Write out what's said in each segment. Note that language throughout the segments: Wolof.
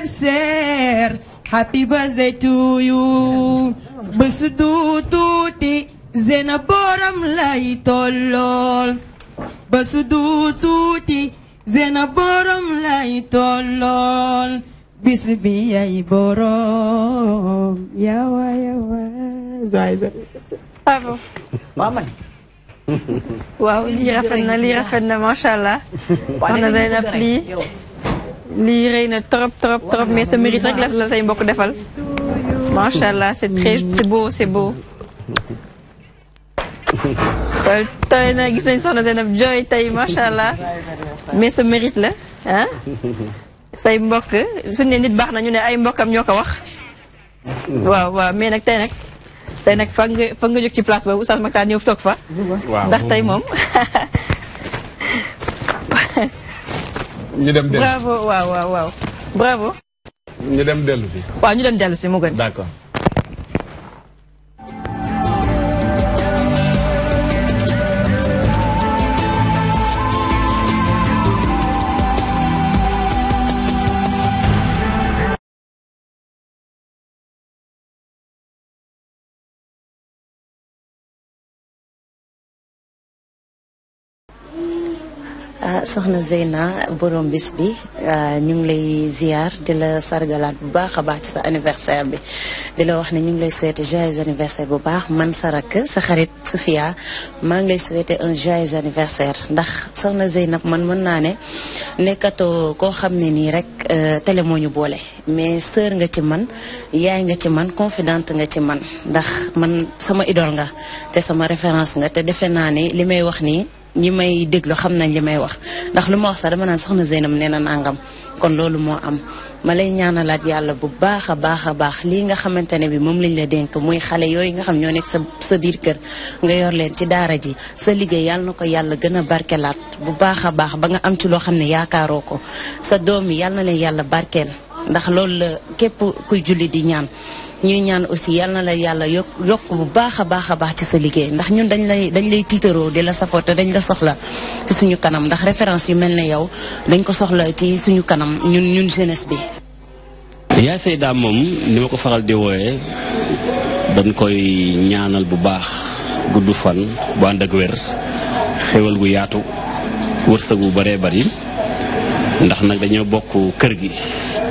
anniversaire happy birthday to you bés du tuuti zena boram borom yawa yawa bravo waaw lii rafet na lii rafet na macha Zeynab lii lii rëy na trop trop trop mais sa mérite rek la la say mbokk defal macha allah c'est très c'est beau c'est beau. tey na gis nañ soxna Zeynab jooy tey macha allah mais sa mérite la ah say mbokk suñu ne nit baax na ñu ne ay mbokkam ñoo ko wax. waaw waaw mais nag tey nag. tey nag fa nga fa nga jóg ci place boobu Oustaz Makhtar ñëw toog fa. ndax tey mom ñu dem dellu bravo waaw waaw waaw bravo. ñu dem dellu si. waaw ñu dem dellu si mu gën. d'accord. ah soxna Zeyna borom bis bi euh, ñu ngi lay ziar di la sargalaat bu baax a baax ci sa anniversaire bi di la wax ne ñu ngi lay souhaiter joyeux anniversaire bu baax man sa rakk sa xarit Sophia maa ngi lay souhaiter un joyeux anniversaire ndax soxna Zeynab man mën naa ne nekkatoo koo xam ne nii rek euh, télé moo ñu boole mais sœur nga ci man yaay nga ci man confidente nga ci man ndax man sama idool nga te sama référence nga te defe naa ne li may wax nii. ñi may déglu xam nañ li may wax ndax lu ma wax sax dama naan soxna Zeynab nee na nangam kon loolu moo am ma lay ñaanalaat yàlla bu baax a baax a baax lii nga xamante ne bi moom lañ la dénk muy xale yooyu nga xam ñoo nekk sa sa biir kër nga yor leen ci daara ji sa liggéey yàlla na ko yàlla gën a barkelaat bu baax a baax ba nga am ci loo xam ne yaakaaroo ko sa doom yi yàlla na leen yàlla barkeel ndax loolu la képp kuy julli di ñaan ñuy ñaan aussi yal na la yàlla yokk yokk bu baax a baax a baax ci sa liggéey ndax ñun dañ lay dañ lay tiitaroo di la safoo te dañ la soxla ci suñu kanam ndax référence yu mel na yow dañ ko soxla ci suñu kanam ñun ñun jeunesse bi. Yaa Seyda moom ni ma ko faral di wooyee dañ koy ñaanal bu baax gudd fan bu ànd ak wér xéwal gu yaatu wërsëg bu baree bari ndax nag dañoo bokk kër gi.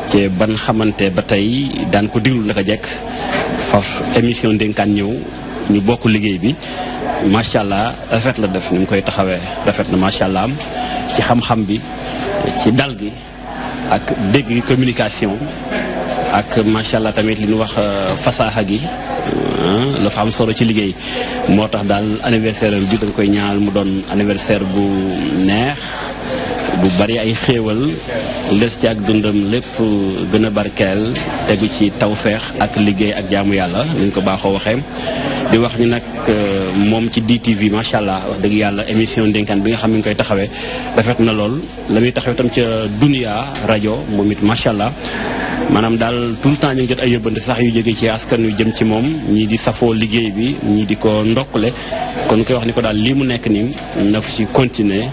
ci ban xamante ba tey daan ko diglu naka jekk faf émission ndénkaan ñëw ñu bokk liggéey bi macha allah rafet la def ni mu koy taxawee rafet na macha allah ci xam-xam bi ci dal gi ak dégg communication ak macha allah tamit li ñu wax euh, fasaaxa gi la fa am solo ci liggéey moo tax daal anniversaire bi dañ koy ñaanal mu doon anniversaire bu neex bu bari ay xéewal lës ci ak dundam lépp gën a barkeel tegu ci tawfeex ak liggéey ak jaamu yàlla ni ko baaxoo waxee di wax ñu nag euh, moom ci DTV macha allah wax dëgg yàlla émission ndénkaan bi nga xam ne ñu koy taxawee rafet na lool la muy taxawee tam ca Dunia rajo moom it macha allah. maanaam daal tout le temps ñu jot ay yóbbante sax yu jóge ci askan yu jëm ci moom ñii di safoo liggéey bi ñii di ko le kon koy wax ni ko daal lii mu nekk nii na ko ci continuer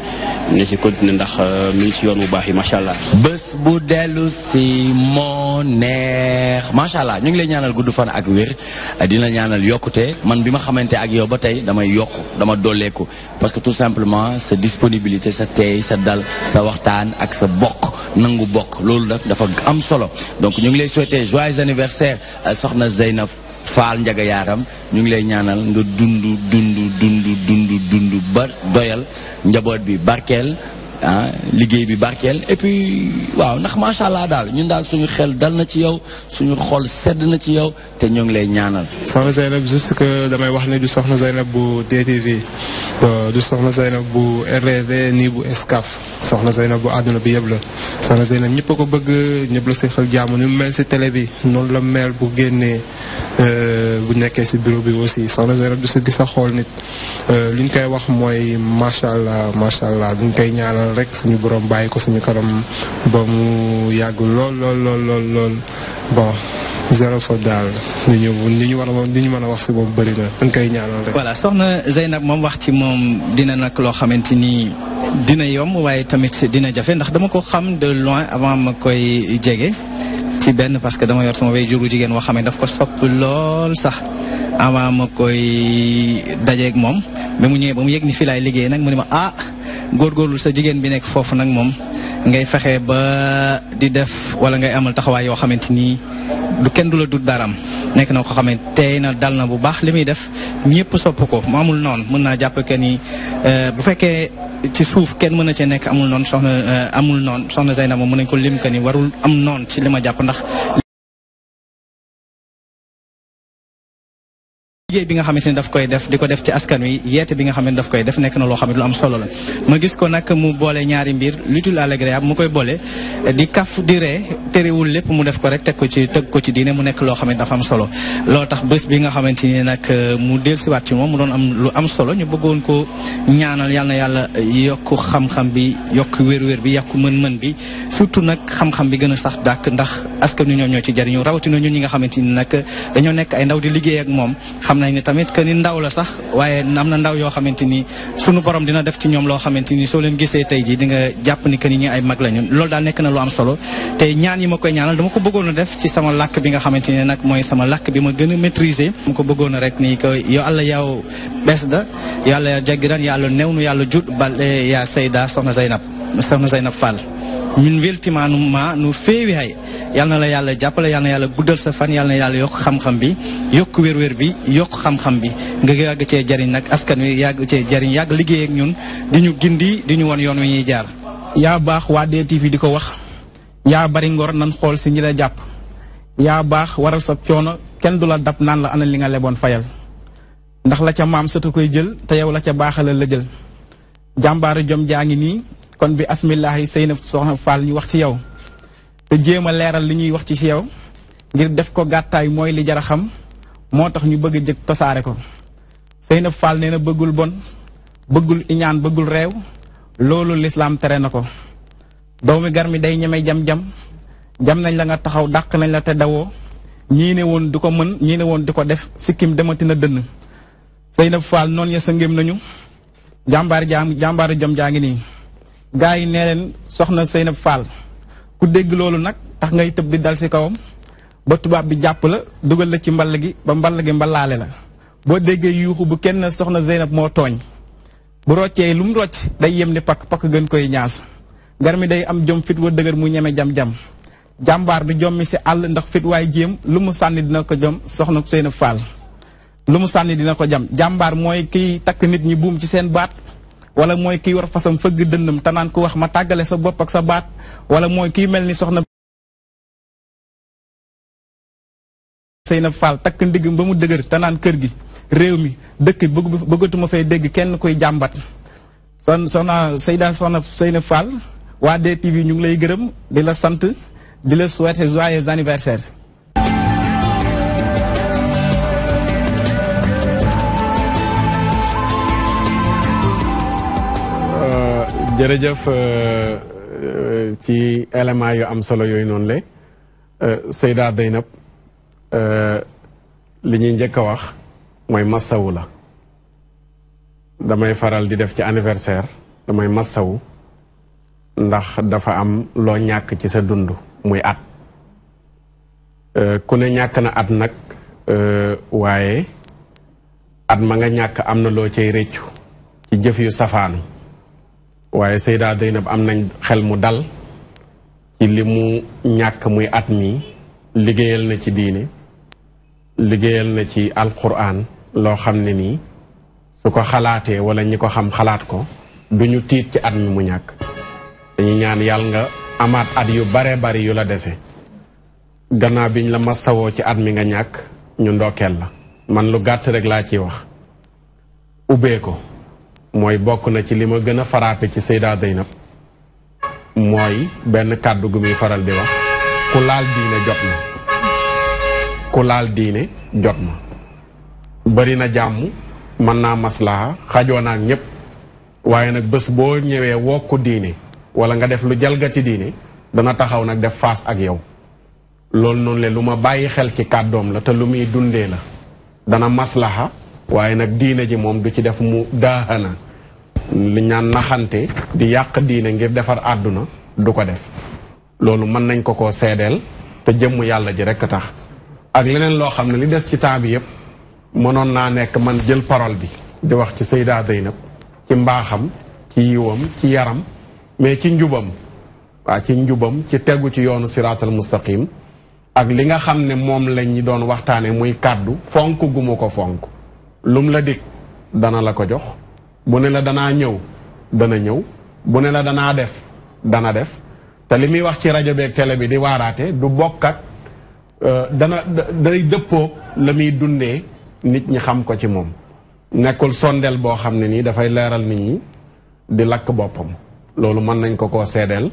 ne ci continuer ndax euh, mi ngi ci yoon bu baax yi macha allah. bés bu dellu si moo neex macha allah ñu ngi lay ñaanal gudd fan ak wér dina ñaanal yokkute man bi ma xamante ak yow ba tey damay yokk dama dolleeku parce que tout simplement sa disponibilité sa teey sa dal sa waxtaan ak sa bokk nangu bokk loolu daf dafa am solo. donc ñu ngi lay souhaiter joyeux anniversaire euh, soxna Zeynab Faal Njaga Yaaram ñu ngi lay ñaanal nga dund dund dund dund dund ba doyal njaboot bi barkeel ah liggéey bi barkeel et waaw ndax macha allah daal ñun daal suñu xel dal na ci yow suñu xool sedd na ci yow te ñoo ngi lay ñaanal. soxna Zeynab juste que damay wax ni du soxna Zeynab bu DTV euh, du soxna Zeynab bu nii bu Escaf soxna Zeynab bu àdduna bi yëpp la. soxna Zeynab ñëpp ko bëgg ñëpp la si xel jaamu ni mu mel si télé bi noonu la mel bu génnee euh, bu nekkee si bureau bi aussi soxna Zeynab du si gis a xool nit euh, li ñu wax mooy macha allah macha allah duñ koy ñaanal. ñaanal rek suñu borom bàyyi ko suñu kanam ba mu yàgg lool lool lool lool lool bon zéro faute daal li ñu li ñu war a li ñu mën a wax si moom bëri na dañ koy ñaanal rek. voilà soxna Zeynab moom wax ci moom dina nag loo xamante ni dina yomb waaye tamit dina jafe ndax dama ko xam de loin avant ma koy jege. ci benn parce que dama yor sama way juru jigéen boo xam ne daf ko sopp lool sax avant ma koy dajeeg moom ba mu ñëwee ba mu yëg ni liggéey nag mu ne ma ah. góorgóorlu sa jigéen bi nekk foofu nag moom ngay fexe ba di def wala ngay amal taxawaay yoo xamante ni du kenn du la dut daraam nekk na ko xamante tey na dal na bu baax li muy def ñëpp sopp ko mu amul noon mën naa jàpp que ni euh, bu fekkee ci suuf kenn mën na cee nekk amul noon soxna euh, amul noonu soxna Zeyna moom mun nañ ko lim que ni warul am noon ci li ma jàpp ndax. liggéey bi xamante ni daf koy def di ko def ci askan wi yeete bi nga xam ne daf koy def nekk na loo xam ne lu am ma gis ko nag mu boole ñaari mbir l'utile à l'agréable mu koy boole di kaf di ree terewul lépp mu def ko rek teg ko ci teg ko ci diine mu nekk loo xam ne dafa am solo loolu tax bés bi nga xamante ni nag euh, mu delsiwaat ci moom mu doon am lu am solo ñu bëggoon ko ñaanal yal na yàlla yokk xam-xam bi yokk wér-wér bi yokk mën-mën bi surtout nag xam-xam bi gën a sax dàkk ndax askan wi ñoom ñoo ci jariñu rawatina ñu ñi nga xamante ni nag dañoo nekk ay ndaw di liggéey ak moom xam na nañ ni tamit que ni ndaw la sax waaye am na ndaw yoo xamante ni sunu borom dina def ci ñoom loo xamante ni soo leen gisee tey jii dinga jàpp ni que ni ñi ay mag la lool loolu daal nekk na lu am solo te ñaan yi ma koy ñaanal dama ko bëggoon a def ci sama làkk bi nga xamante ni nag mooy sama làkk bi ma gën a maîtriser ma ko bëggoon a rek nii ko yo allah yow bes da yo allah yow jaggiran yo new nu yàlla jut bal yaa sayda soxna Zeynab soxna Zeynab Fall ñun weltimaanu ma nu féewi hay yal na la yàlla jàppale yal na yàlla guddal sa fan yal na yàlla yokk xam-xam bi yokk wér-wér bi yokk xam-xam bi nga yàgg cee jariñ nag askan wi yàgg cee jariñ yàgg liggéey ak ñun di ñu gindi di ñu won yoon wi ñuy jaar yaa baax waa DTV di ko wax yaa bari ngor nan xool si ñi la jàpp yaa baax waral sa coono kenn du la dab naan la ana li nga leboon fayal ndax la ca maam sëtu koy jël te yow la ca baaxalal la kon bi asmillaahi sëy na soxna Fall ñu wax ci yow te jéem a leeral li ñuy wax ci si yow ngir def ko gàttaay mooy li jar a xam moo tax ñu bëgg a jëkk tosaare ko Seynab Fall nee na bëggul bon bëggul iñaan bëggul réew loolu lislaam tere na ko doomi gar mi day ñeme jam-jam jam nañ la nga taxaw dàq nañ la te dawoo ñii ne woon du ko mën ñii ne woon di ko def sikkim demati na dënn Seynab Fall noonu ya sa ngém nañu jàmbaar jaa jàmbaaru jom jaa ngi nii gaa yi nee leen soxna Seynab Fall ku dégg loolu nag tax ngay tëb di dal si kawam ba tubaab bi jàpp la dugal la ci mball gi ba mball gi mbalaale la boo déggee yuuxu bu kenn soxna Zeynab moo tooñ bu roccee lu mu rocc day yem ni pakk pakk gën koy ñaas ngar mi day am jom fit wa dëgër mu ñeme jam-jam jàmbaar du jommi si àll ndax fit waaye jéem lu mu sànni dina ko jom soxna Seynab Fall lu mu sànni dina ko jam jàmbaar mooy kiy takk nit ñi buum ci seen baat wala mooy kiy war fasam fëgg dënnam tanaan ko wax ma tàggale sa bopp ak sa baat wala mooy kiy mel ni soxna Seyna Fall takk ndigam ba mu dëgër kër gi réew mi dëkk bëgg dégg kenn koy jàmbat son soxna Seyda soxna Seyna Fall waa DTV ñu ngi lay gërëm di la sant di la souhaiter joyeux anniversaire jërëjëf euh, euh, ci éléments yu am solo yooyu noonu la euh, Seyda Deynab li ñuy njëkk a wax mooy massawu la damay faral di def ci anniversaire damay massawu ndax dafa am loo ñàkk ci sa dund muy at ku ne ñàkk na at nag waaye at ma nga ñàkk am na loo cay rëccu ci jëf safaanu waaye seydaa Seyda Zeynab am nañ xel mu dal ci li mu ñàkk muy at mi liggéeyal na ci diine liggéeyal na ci alquran loo xam ne nii su ko xalaatee wala ñi ko xam xalaat ko duñu tiit ci at mi mu ñàkk dañu ñaan yàlla nga amaat at yu bare bari yu la dese gannaaw biñ la mastawoo ci at mi nga ñàkk ñu ndokkeel la man lu gàtt rek laa ci wax ubbee ko mooy bokk na ci li ma gën a frappé ci seydaa day Zeynab mooy benn kàddu gu muy faral di wax ku laal diine jot ma ku laal diine jot ma bari na jàmm mën naa maslaha xajoo naak ñépp waaye nag bés boo ñëwee wokku diine wala nga def lu jalgati diine dana taxaw nag def face ak yow loolu noonu le lu ma bàyyi xel ci kàddoom la te lu muy dundee la dana maslaha waaye nag diine ji moom du ci def mu daahana li ñaan naxante di yàq diine ngir defar àdduna du ko def loolu mën nañ ko ko seedeel te jëmm yàlla ji rekk tax ak leneen loo xam ne li des ci temps bi yëpp mënoon naa nekk man jël parole bi di wax ci Sayda Zeynab ci mbaaxam ci yiwam ci yaram mais ci njubam waa ci njubam ci tegu ci yoonu siraatal mustaqim ak li nga xam ne moom lañ ñi doon waxtaane muy kàddu fonk gu mu ko fonk lum la dig dana la ko jox bu ne la danaa ñëw dana ñëw bu ne la danaa def dana def te li muy wax ci rajo beeg télé bi di waaraate du bokk euh, dana day dëppoog la muy dundee nit ñi xam ko ci moom nekkul sondeel boo xam ne nii dafay leeral nit ñi di lakk boppam loolu mën nañ ko koo seedeel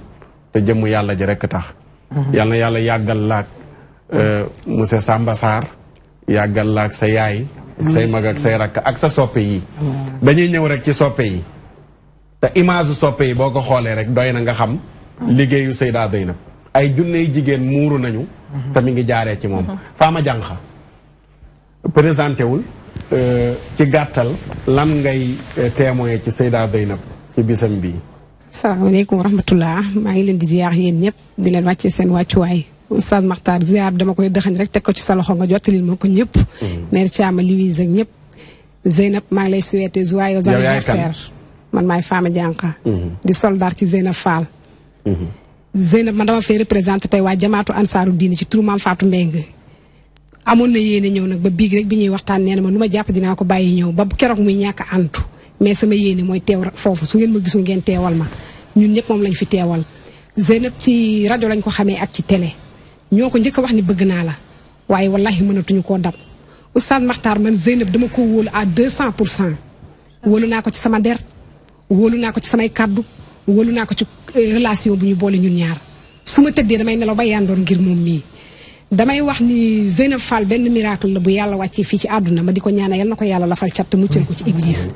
te jëmm yàlla ji rekk tax mhm. yal yàlla yàggal laak euh, monsieur Samba Sarr yàggal laak sa yaay say mag ak say rakk ak sa soppe yi mm. dañuy ñëw rek ci soppe yi te image su soppe yi boo ko xoolee rek doy na nga xam liggéeyu Seyda Zeynab ay junney jigéen muuru nañu te mi ngi jaaree ci moom Fama Diankha présenté wul euh, ci gàttal lan ngay euh, témoin ci Seyda Zeynab ci bisam bii asalaamaaleykum wa rahmatullah maa ngi leen di ziyaar yéen ñëpp di leen wàccee seen wàccuwaay Oustaz Makhtar ziar dama koy dëxañ rek teg ko ci sa loxo nga jottalil ma ko ñëpp. Mm-hmm. mère Thiam Louise ak ñëpp. Zeynab maa ngi lay souhaité joyeux anniversaire man maay Fama Dianka. Mm-hmm. di soldat ci Zeynab Fall. Mm-hmm. Zeynab man dama fay représenté tey waa jamaatu ansaaru diini ci turu maam Fatou Mbengue. amoon na yéene ñëw nag ba biig rek bi ñuy waxtaan nee na ma lu ma jàpp dinaa ko bàyyi ñëw ba keroog muy ñàkk a antu mais sama yéene mooy teew foofu su ngeen ma gisul ngeen teewal ma ñun ñëpp moom lañ fi teewal Zeynab ci rajo lañ ko xamee ak ci télé. ñoo ko njëkk a wax ni bëgg naa la waaye wallahi mënatuñu koo dam oustaz Makhtar man Zeynab dama ko wóolu à 200 pour cent wóolu naa ko ci sama der wóolu naa ko ci samay kàddu wóolu naa ko ci euh, relation bu ñu boole ñun ñaar su ma tëddee damay nelaw ba yandoor ngir moom mii. damay wax ni Zeynab Fall benn miracle la bu yàlla wàccee fii ci àdduna ma di ko ñaanal yal na ko yàlla lafal cat te muccal ko ci Iblis.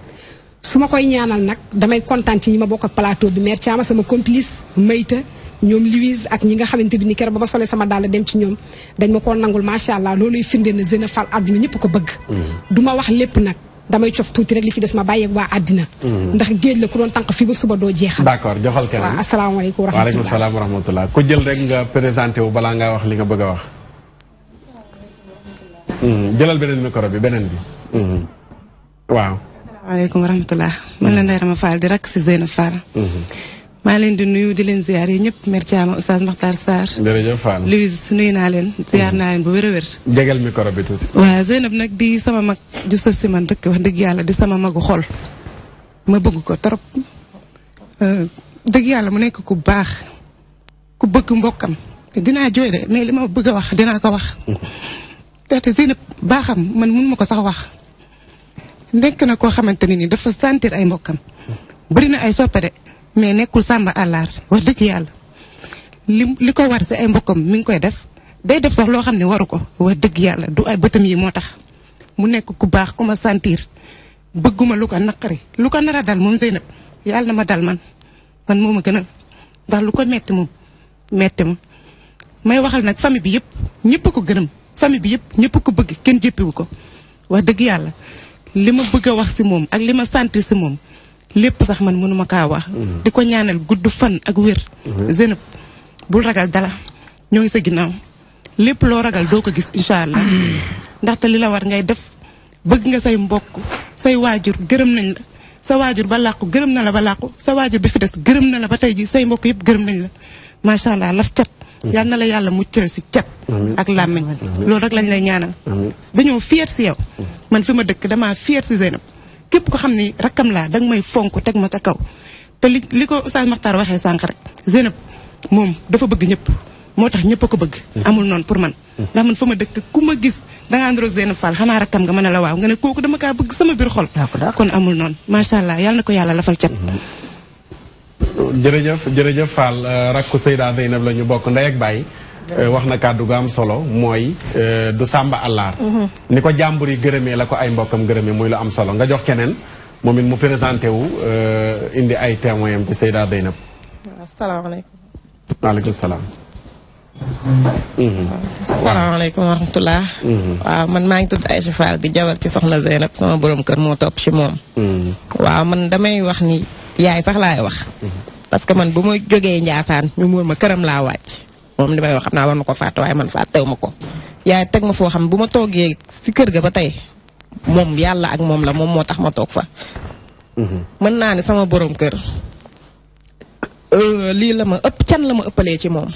su ma koy ñaanal nag damay kontaan ci ñi ma bokk ak plateau bi mère Thiama sama complice Mayta. ñoom Louise ak ñi nga xamante bi ni keroog ba ma solee sama daal dem ci ñoom dañ ma koo nangul macha allah looluy firnde na Zéna Fall ñëpp ko bëgg. Mm. du ma wax lépp nag. damay cof tuuti rek li ci des ma bàyyeeg waa àddina. Mm. ndax géej la ku doon tànq fii ba suba doo jeexal. d'accord joxal keneen waaw asalaamaaleykum wa rahmatulah waaleykum salaam wa rahmatulah ku jël rek nga présenté wu balaa ngaa wax li nga bëgg a wax. Mm, jëlal beneen micro bi beneen bi. waaw. asalaamaaleykum wa rahmatulah. man la Ndeye Rama Fall di rek si maa leen di nuyu di leen ziar yi ñëpp Mère Thiam Oustaz Makhtar Sarr. jërëjëf nuy Louise nuyu naa leen. ziar mm-hmm. naa leen bu wér a wér. jégal micro bi tuuti. waaw Zeynab nag di sama mag di sës si man rek wax dëgg yàlla di sama magu xol ma bëgg ko trop euh, dëgg yàlla mu nekk ku baax ku bëgg mbokkam dinaa jooy de mais li ma bëgg a wax dinaa ko wax. Mm-hmm. te Zeynab baaxam man mun ma ko sax wax. nekk na koo xamante ne ni dafa santir ay mbokkam. Mm-hmm. bari ay soppe de mais nekkul sàmba àllaar wax dëgg yàlla li li ko war si ay mbokkam mi ngi koy def day def sax loo xam ne waru ko wax dëgg yàlla du ay bëtam yi moo tax mu nekk ku baax ku ma sentir bëgguma lu ko naqari lu ko nar a dal moom Zeynab yàlla na ma dal man man moom a gënal ndax lu ko metti moom metti ma may waxal nag famille bi yëpp ñëpp ko gërëm famille bi yëpp ñëpp ko bëgg kenn jéppiwu ko wax dëgg yàlla li ma bëgg a wax si moom ak li ma sentir si moom lépp sax man mënuma kaa wax. Mm-hmm. di ko ñaanal gudd fan ak wér. Mm-hmm. Zeynab bul ragal dala ñoo ngi sa ginnaaw lépp loo ragal doo ko gis incha allah. Mm-hmm. ndaxte li la war ngay def bëgg nga say mbokk say waajur gërëm nañ la sa waajur ba làqu gërëm na la ba làqu sa waajur bi fi des gërëm na la ba tey ji say mbokk yëpp gërëm nañ la macha allah laf cat. yal na la yàlla muccal si cat. ak làmmiñ loolu rek lañ lay ñaanal. dañoo fier si yow. man fi ma dëkk damaa fier si Zeynab. képp ko xam ni rakkam laa danga may fonk teg ma ca kaw te li li ko sa Makhtar waxee sànq rek Zeynab moom dafa bëgg ñëpp moo tax ñëpp a ko bëgg mm. amul noonu pour man mm. ndax man fa ma dëkk ku gis danga androog Zeynab Fall xanaa rakkam nga ma ne la waaw nga ne kooku dama ka bëgg sama biir xol kon amul noonu macha allah yàlla na ko yàlla la lafal cat mm-hmm. jërëjëf jërëjëf Fall euh, rakku Seyda Zeynab la ñu bokk ndey ak baay Euh, wax na kàddu gu am solo mooy euh, du samba àllaar mm-hmm. ni ko jàmbur yi gërëmee la ko ay mbokkam gërëmee muy lu am solo nga jox keneen moom it mu présenté wu euh, indi ay témoin am ci Seyda Deynab asalaamaaleykum mm-hmm. mm-hmm. man maa ngi tudd Aïcha Fall di jabar ci soxna Zeynab sama borom kër moo topp ci moom waaw man damay wax ni yaay sax laay wax parce que man bu ma jógee Njaasaan ñu muur ma këram laa wàcc moom li ma wax xam naa war na ko fàtte waaye man fàttewu ma ko yaay teg ma foo xam bu ma toogee si kër ga ba tey moom yàlla ak moom la moom moo tax ma toog fa mhm. mën naa ne sama borom kër euh, lii la ma ëpp can la ma ëppalee ci moom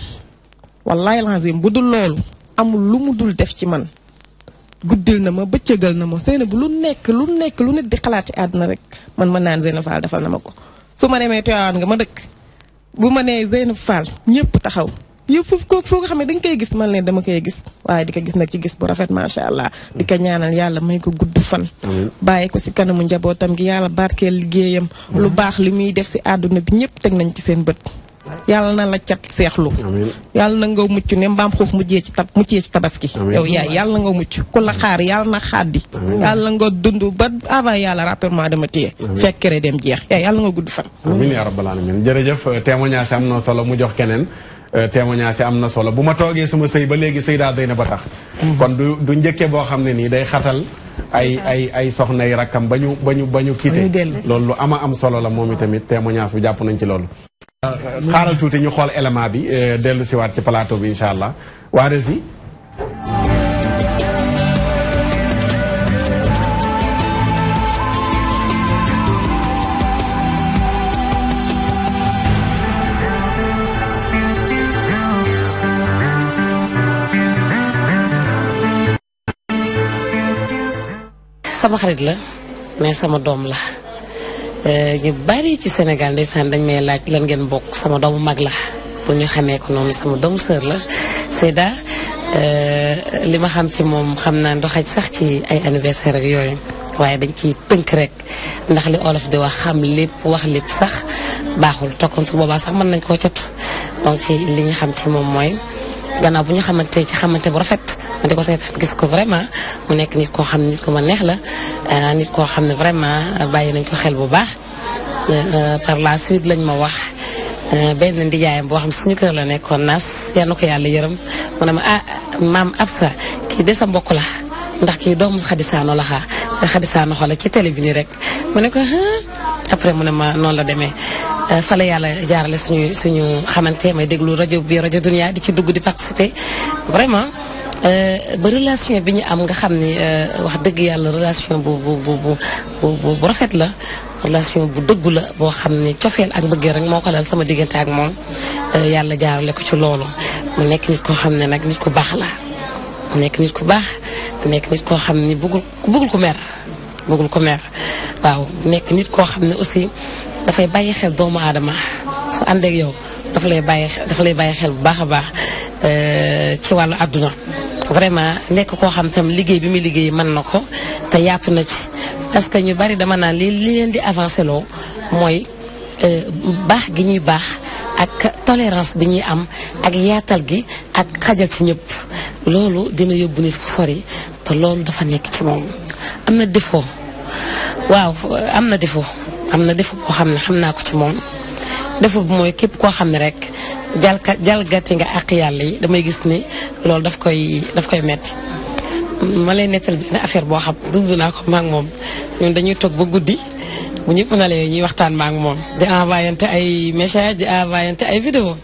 wallaay lazim bu dul loolu amul lu mu dul def ci man guddil na ma bëccëgal na ma seen bu lu nekk lu nekk lu nit di xalaat ci àdduna rek man mën naa ne Zeynab Fall defal na ma ko su ma demee Tivaouane nga ma dëkk bu ma nee Zeynab Fall ñëpp taxaw yépp foofu kooku foo xam ne dañ koy gis man leen dama koy gis waaye di ko gis nag ci gis bu rafet macha allah di ko ñaanal yàlla may ko gudd fan bàyyi ko si kanamu njabootam gi yàlla barkeel liggéeyam lu baax li muy def si àdduna bi ñëpp teg nañ ci seen bët yàlla na la cat seexlu yàlla na nga mucc ne mbaam xuux mujjee ci tab mujjee ci tabaski yow yaay yàlla na nga mucc ku la xaar yàlla na xaaddi yàlla na nga dund ba avant yàlla rapidement dama téye fekkere dem jeex yaay yàlla gudd fan amiin yaa rabbal alamin jërëjëf témoignage am na solo mu jox keneen Euh, témoignage yi am na solo bu ma toogee suma sëy ba léegi sëy daa doy na ba tax mhm. kon du du njëkke boo xam ne nii day xatal ay ay ay soxna yi rakkam ba ñu ba ñu ba ñu quitté loolu lu ama am solo la moom itamit témoignage bu jàpp nañ ci loolu euh, xaaral tuuti ñu xool élément bi euh, dellu siwaat ci plateau bi incha allah waa Rési sama xarit la mais sama doom la euh, ñu bari ci Sénégal ndeysaan dañ may laaj lan ngeen bokk sama doomu mag la pour ñu xamee ko sama doomu sœur la Seyda euh, li ma xam ci moom xam naa doxaj sax ci ay anniversaire rek yooyu waaye dañ ciy tënk rek ndax li olof di wax xam lépp wax lépp sax baaxul tokkoon su boobaa sax mën nañ koo cot donc ci li ñu xam ci moom mooy gannaaw bu ñu xamante ci xamante bu rafet ma di ko seetaan gis ko vraiment mu nekk nit koo xam ne nit ko ma neex la euh, nit koo xam ne vraiment bàyyi nañ ko xel bu baax euh, par la suite lañ ma wax euh, benn ndijaayam boo xam suñu kër la nekkoon naas yal na ko yàlla yërëm mu ne ma ah maam Absa kii de sa mbokk la ndax kii doomu xadisaano la xaa xadisaano xoola ci télé bi nii rek mu ne ko après mu ne ma noonu la demee fa la yàlla jaarale suñu suñu xamante may déglu rajo bi rajo Dunia di ci dugg di participer vraiment Euh, ba relation bi ñu am nga xam ni euh, wax dëgg yàlla relation bu bu bu bu rafet la relation bu dëggu la boo xam ni cofeel ak mbëggeel rek moo ko lal sama diggante ak moom euh, yàlla jaarale ko ci loolu mu nekk nit koo xam ne nag nit ku baax la mu nekk nit ku baax mu nekk nit koo xam ni bëggul bëggul ku mer bëggul ku waaw nekk nit koo xam ne aussi dafay bàyyi xel doomu aadama su ànd ak yow dafa lay bàyyi dafa lay bàyyi xel bu baax a baax ci wàllu àdduna vraiment nekk koo xam tam liggéey bi muy liggéey mën na ko te yaatu na ci parce que ñu bari dama naa li li leen di avancé loo mooy euh, baax gi ñuy baax ak tolérance bi ñuy am ak yaatal gi ak xajal ci ñëpp loolu dina yóbbu nit fu sori te loolu dafa nekk ci moom am na défaut waaw am na défaut am na défaut boo xam ne xam naa ko ci moom defu bi mooy képp koo xam ne rek jalka jalgati nga àq yàlla yi damay gis ni loolu daf koy daf koy metti ma lay nettal benn affaire boo xam dund naa ko maak moom ñun dañuy toog ba guddi bu na ñuy waxtaan maak moom di envoyante ay message di envoyante ay vidéo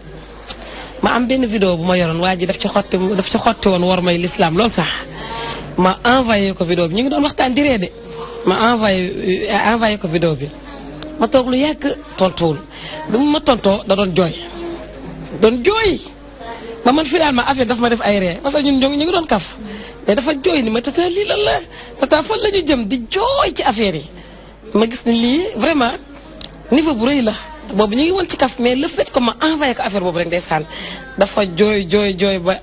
ma am benn vidéo bu ma yoroon waa ji daf ci xotti daf ci xotti woon war may lislaam loolu sax ma envoyé ko vidéo bi ñu ngi doon waxtaan di reede ma envoyé envoyé ko vidéo bi ma toog lu yàgg tontuwul bi mu ma tontoo da doon jooy doon jooy ba man finalement affaire daf ma def ay ree parce que ñun ñu ngi doon kaf mais dafa jooy ni ma tata lii lan la tata fan la ñu jëm di jooy ci affaire yi ma gis ni lii vraiment niveau bu rëy la boobu ñu ngi woon ci kaf mais le fait que envoyé ko affaire boobu rek ndeysaan dafa jooy jooy jooy ba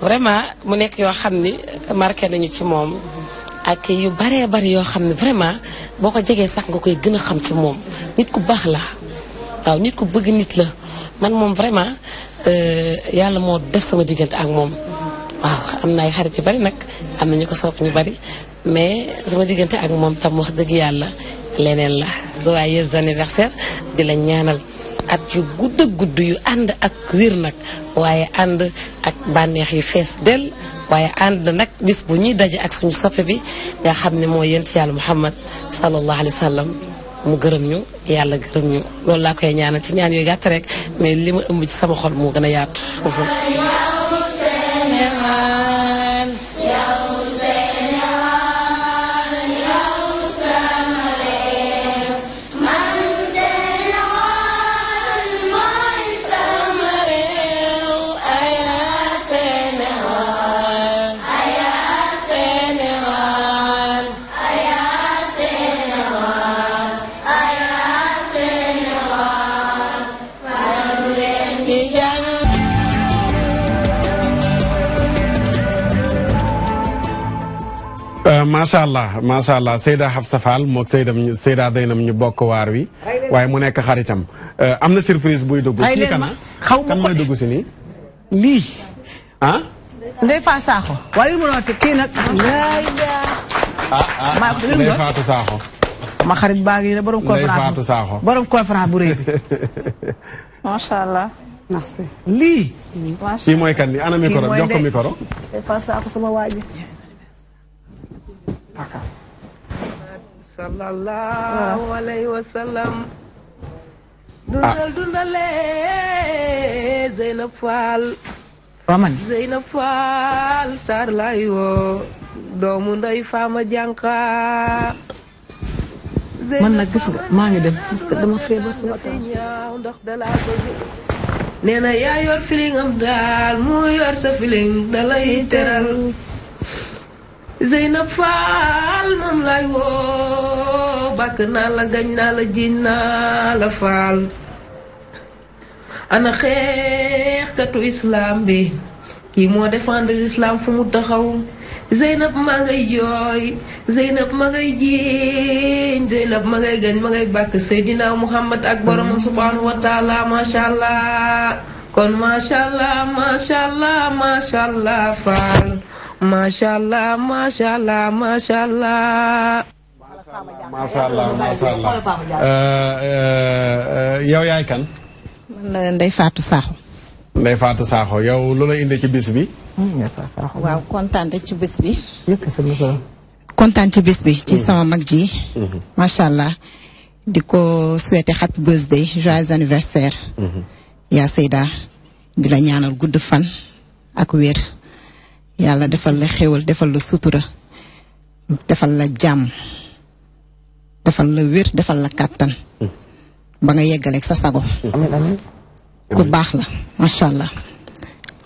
vraiment mu nekk yoo xam ni marqué nañu ci moom ak yu baree bari yoo xam ne vraiment boo ko jegee sax nga koy gën a xam ci moom nit ku baax la waaw nit ku bëgg nit la man moom vraiment euh, yàlla moo def sama diggante ak moom waaw am na ay xarit yu bari nag am na ñu ko sopp ñu bari mais sama diggante ak moom tam wax dëgg yàlla leneen la joyeux anniversaire di la ñaanal ak yu gudd gudd yu ànd ak wér nag waaye ànd ak bànneex yi fees del waaye ànd nag bis bu ñuy daje ak suñu soppe bi nga xam ne moo yent yàlla Muhammad sallallahu alayhi wa sallam mu gërëm ñu yàlla gërëm ñu loolu laa koy ñaanal ci ñaan yooyu gàtt rek mais li ma ëmb ci sama xol moo gën a yaatu. macha allah allah Seyda Hafsa Fall moog Seydam Seyda Zeynam ñu bokk waar wi waaye mu nekk xaritam euh, am na surprise buy dugg. ay léegi xaw ma ko kan si nii. lii. ah. Ndeye Fatou Sakho. waaye mu noot kii nag. ah ah Ndeye Fatou Sakho. xarit baa ngi ne borom conférence borom conférence bu rëy bi. macha allah. merci lii. kii mooy kan ana micro jox ko micro. Ndeye bàkkaar sallallahu ah. alayhi wa sallam ah. dundal dundale eh, Zeynab Fall waa doomu nday faama jànqa man nag maa ngi dem parce que dama filing am daal mu yor sa filing dalay teral Zeynab Faal moom lay woo bàkk naa la gañ naa la jiñ naa la faal ana xeexkatu islaam bi kii moo défendre l'islam fu mu taxaw Zeynab maa ngay jooy Zeynab ma ngay jiiñ Zeynab ma ngay gañ ma ngay bàkk Seydina Muhammad ak boromam mm-hmm. subhanahu wa taala allah kon macha allah macha allah faal macha allah macha allah macha allah. macha allah macha allah euh, euh, euh, yow yaay kan. man la Ndeye Fatou Sakho. Ndeye Fatou Sakho yow lu ci bis bi. Mm, waaw kontaan ci bis bi. ci bis bi ci sama mag ji. Mm-hmm. macha allah di ko souhaiter happy birthday joyeux anniversaire. Mm-hmm. yaa Seyda di la ñaanal gudd fan ak wér. yàlla defal la xéwal defal la sutura defal la jàmm defal la wér defal la kàttan ba nga yeggaleeg sa sago ku baax la macha allah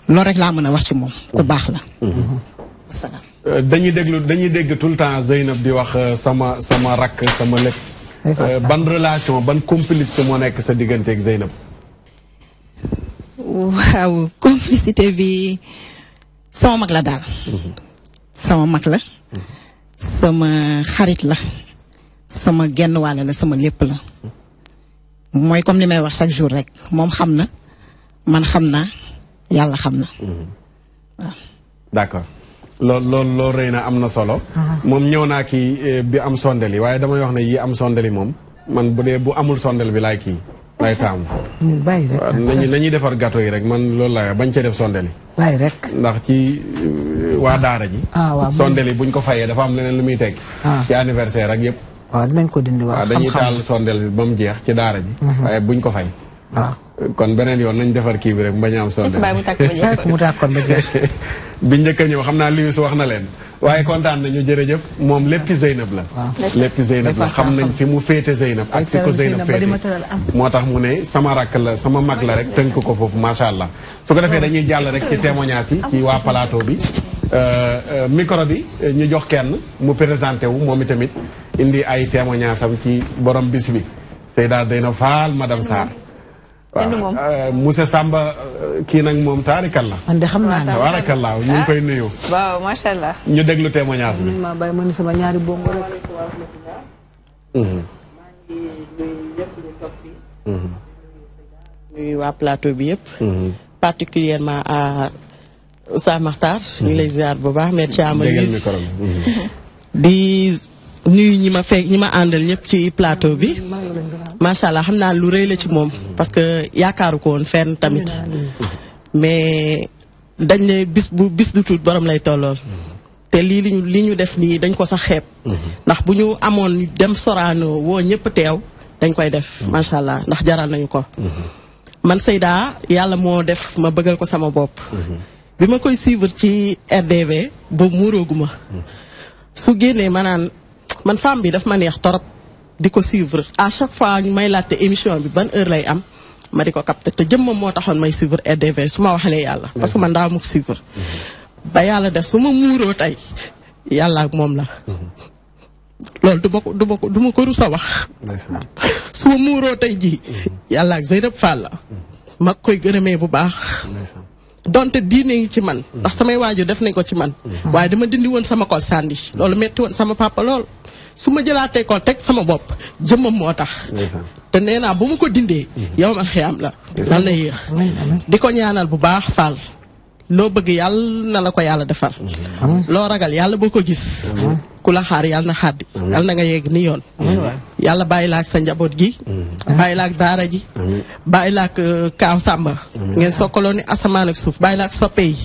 loolu rek laa mën a wax ci moom ku baax la asalaam dañuy déglu dañuy dégg tout le temps Zeynab di wax euh, sama sama rakk sama lépp euh, ban relation ban complicité moo nekk sa digganteeg Zeynab waaw complicité bi sama mag la daal. sama mag la. sama xarit la. sama genn waale la sama lépp la. mooy comme li may wax chaque jour rek moom xam na man xam naa yàlla xam na. waaw. d'accord loolu loolu loolu rëy na am na solo. Uh-huh. moom ñëw naa kii eh, bi am sondeli waaye damay wax na yi am sondeli moom man bu dee bu amul sondel bi laay kii. lay taamu. ñun hmm, bàyyi rek nañu defar gato yi rek man loolu laa bañ cee def sondeli. bàyyi rek ndax ci euh, waa daara ji. ah waaw sondeli buñ ko fayee dafa am leneen lu muy teg. Ah. ci anniversaire ak yëpp. waaw dañ ko dindi waaw dañuy taal sondel bi ba mu jeex ci daara ji. Mhm. waaye buñ ko fay. Ah. kon beneen yoon nañ defar kii bi rek mbañ a am sondeli. mu tàkk ba jeex bi njëkk ñëw xam naa Lius wax na leen. waaye kontaan nañu jërëjëf moom léppi Zeynab la léppi Zeynab xam nañ fi mu féete Zeynab ak fi ko Zeynab féete moo tax mu ne sama rakk la sama mag la rek tënk ko foofu macha allah su ko defee dañuy jàll rek ci témoignage yi ci waa plateau bi euh, euh, micro bi euh, ñu jox kenn mu présenté wu moom itamit indi ay témoignage am ci borom bis bi Seyda Zeynab Fall madame Sarr bindu moom waaw euh, Samba euh, kii nag moom taarikalla. man de xam naa ne tabaarakallah koy nuyu. waaw macha allah. ñu déglu témoignage bi. maa bàyyi ma sama ñaari bongo rek. maa mhm. waa plateau bi yëpp. Mhm. particulièrement à Ousmane Makhtar. Mhm. ñu lay ziar bu baax. maître Thiam nuyu ñi ma fekk ñi ma àndal ñëpp ci plateau bi macha allah xam naa lu rëy la ci moom parce que yaakaaru ko woon fenn tamit mais dañ ne bis bu bis du tuut borom lay tolloon te lii li ñu li ñu def nii dañ ko sax xeeb ndax bu ñu amoon dem soraanoo woo ñëpp teew dañ koy def macha allah ndax jaraan nañu ko man seydaa yàlla moo def ma bëggal ko sama bopp bi ma koy suivre ci RDV boobu muurooguma su génnee ma naan man femme bi daf ma neex torop di ko suivre à chaque fois ñu may laajte émission bi ban heure lay am ma di ko capté te jëmmam moo taxoon may suivre RDV su ma waxalee yàlla. parce que man daa ba yàlla def su ma muuroo tey yàlla ak moom la. loolu du ma du ma ko du ma ko rus wax. su muuroo tey jii. yàlla ak Zeynab Fall la. ma koy gërëmee bu baax. donte diine yi ci man. ndax mm. samay waajur def nañ ko ci man. Mm. waaye dama dindi woon sama kol sànni. loolu metti woon sama papa lool. su ma jëlaatee ko teg sama bopp jëmmam moo tax te nee naa bu ma ko dindee mhm. yow man xiyaam la dal na yéex di ko ñaanal bu baax Fall loo bëgg yàlla na la ko yàlla defar mhm. loo ragal yàlla boo ko gis ku la xaar yàlla na xàddi yàlla na nga yegg ni yoon yàlla bàyyi laak sa njaboot gi bàyyi laak daara ji bàyyi laak euh, kaaw sàmba ngeen sokkaloo ni asamaan ak suuf bàyyi laak soppe yi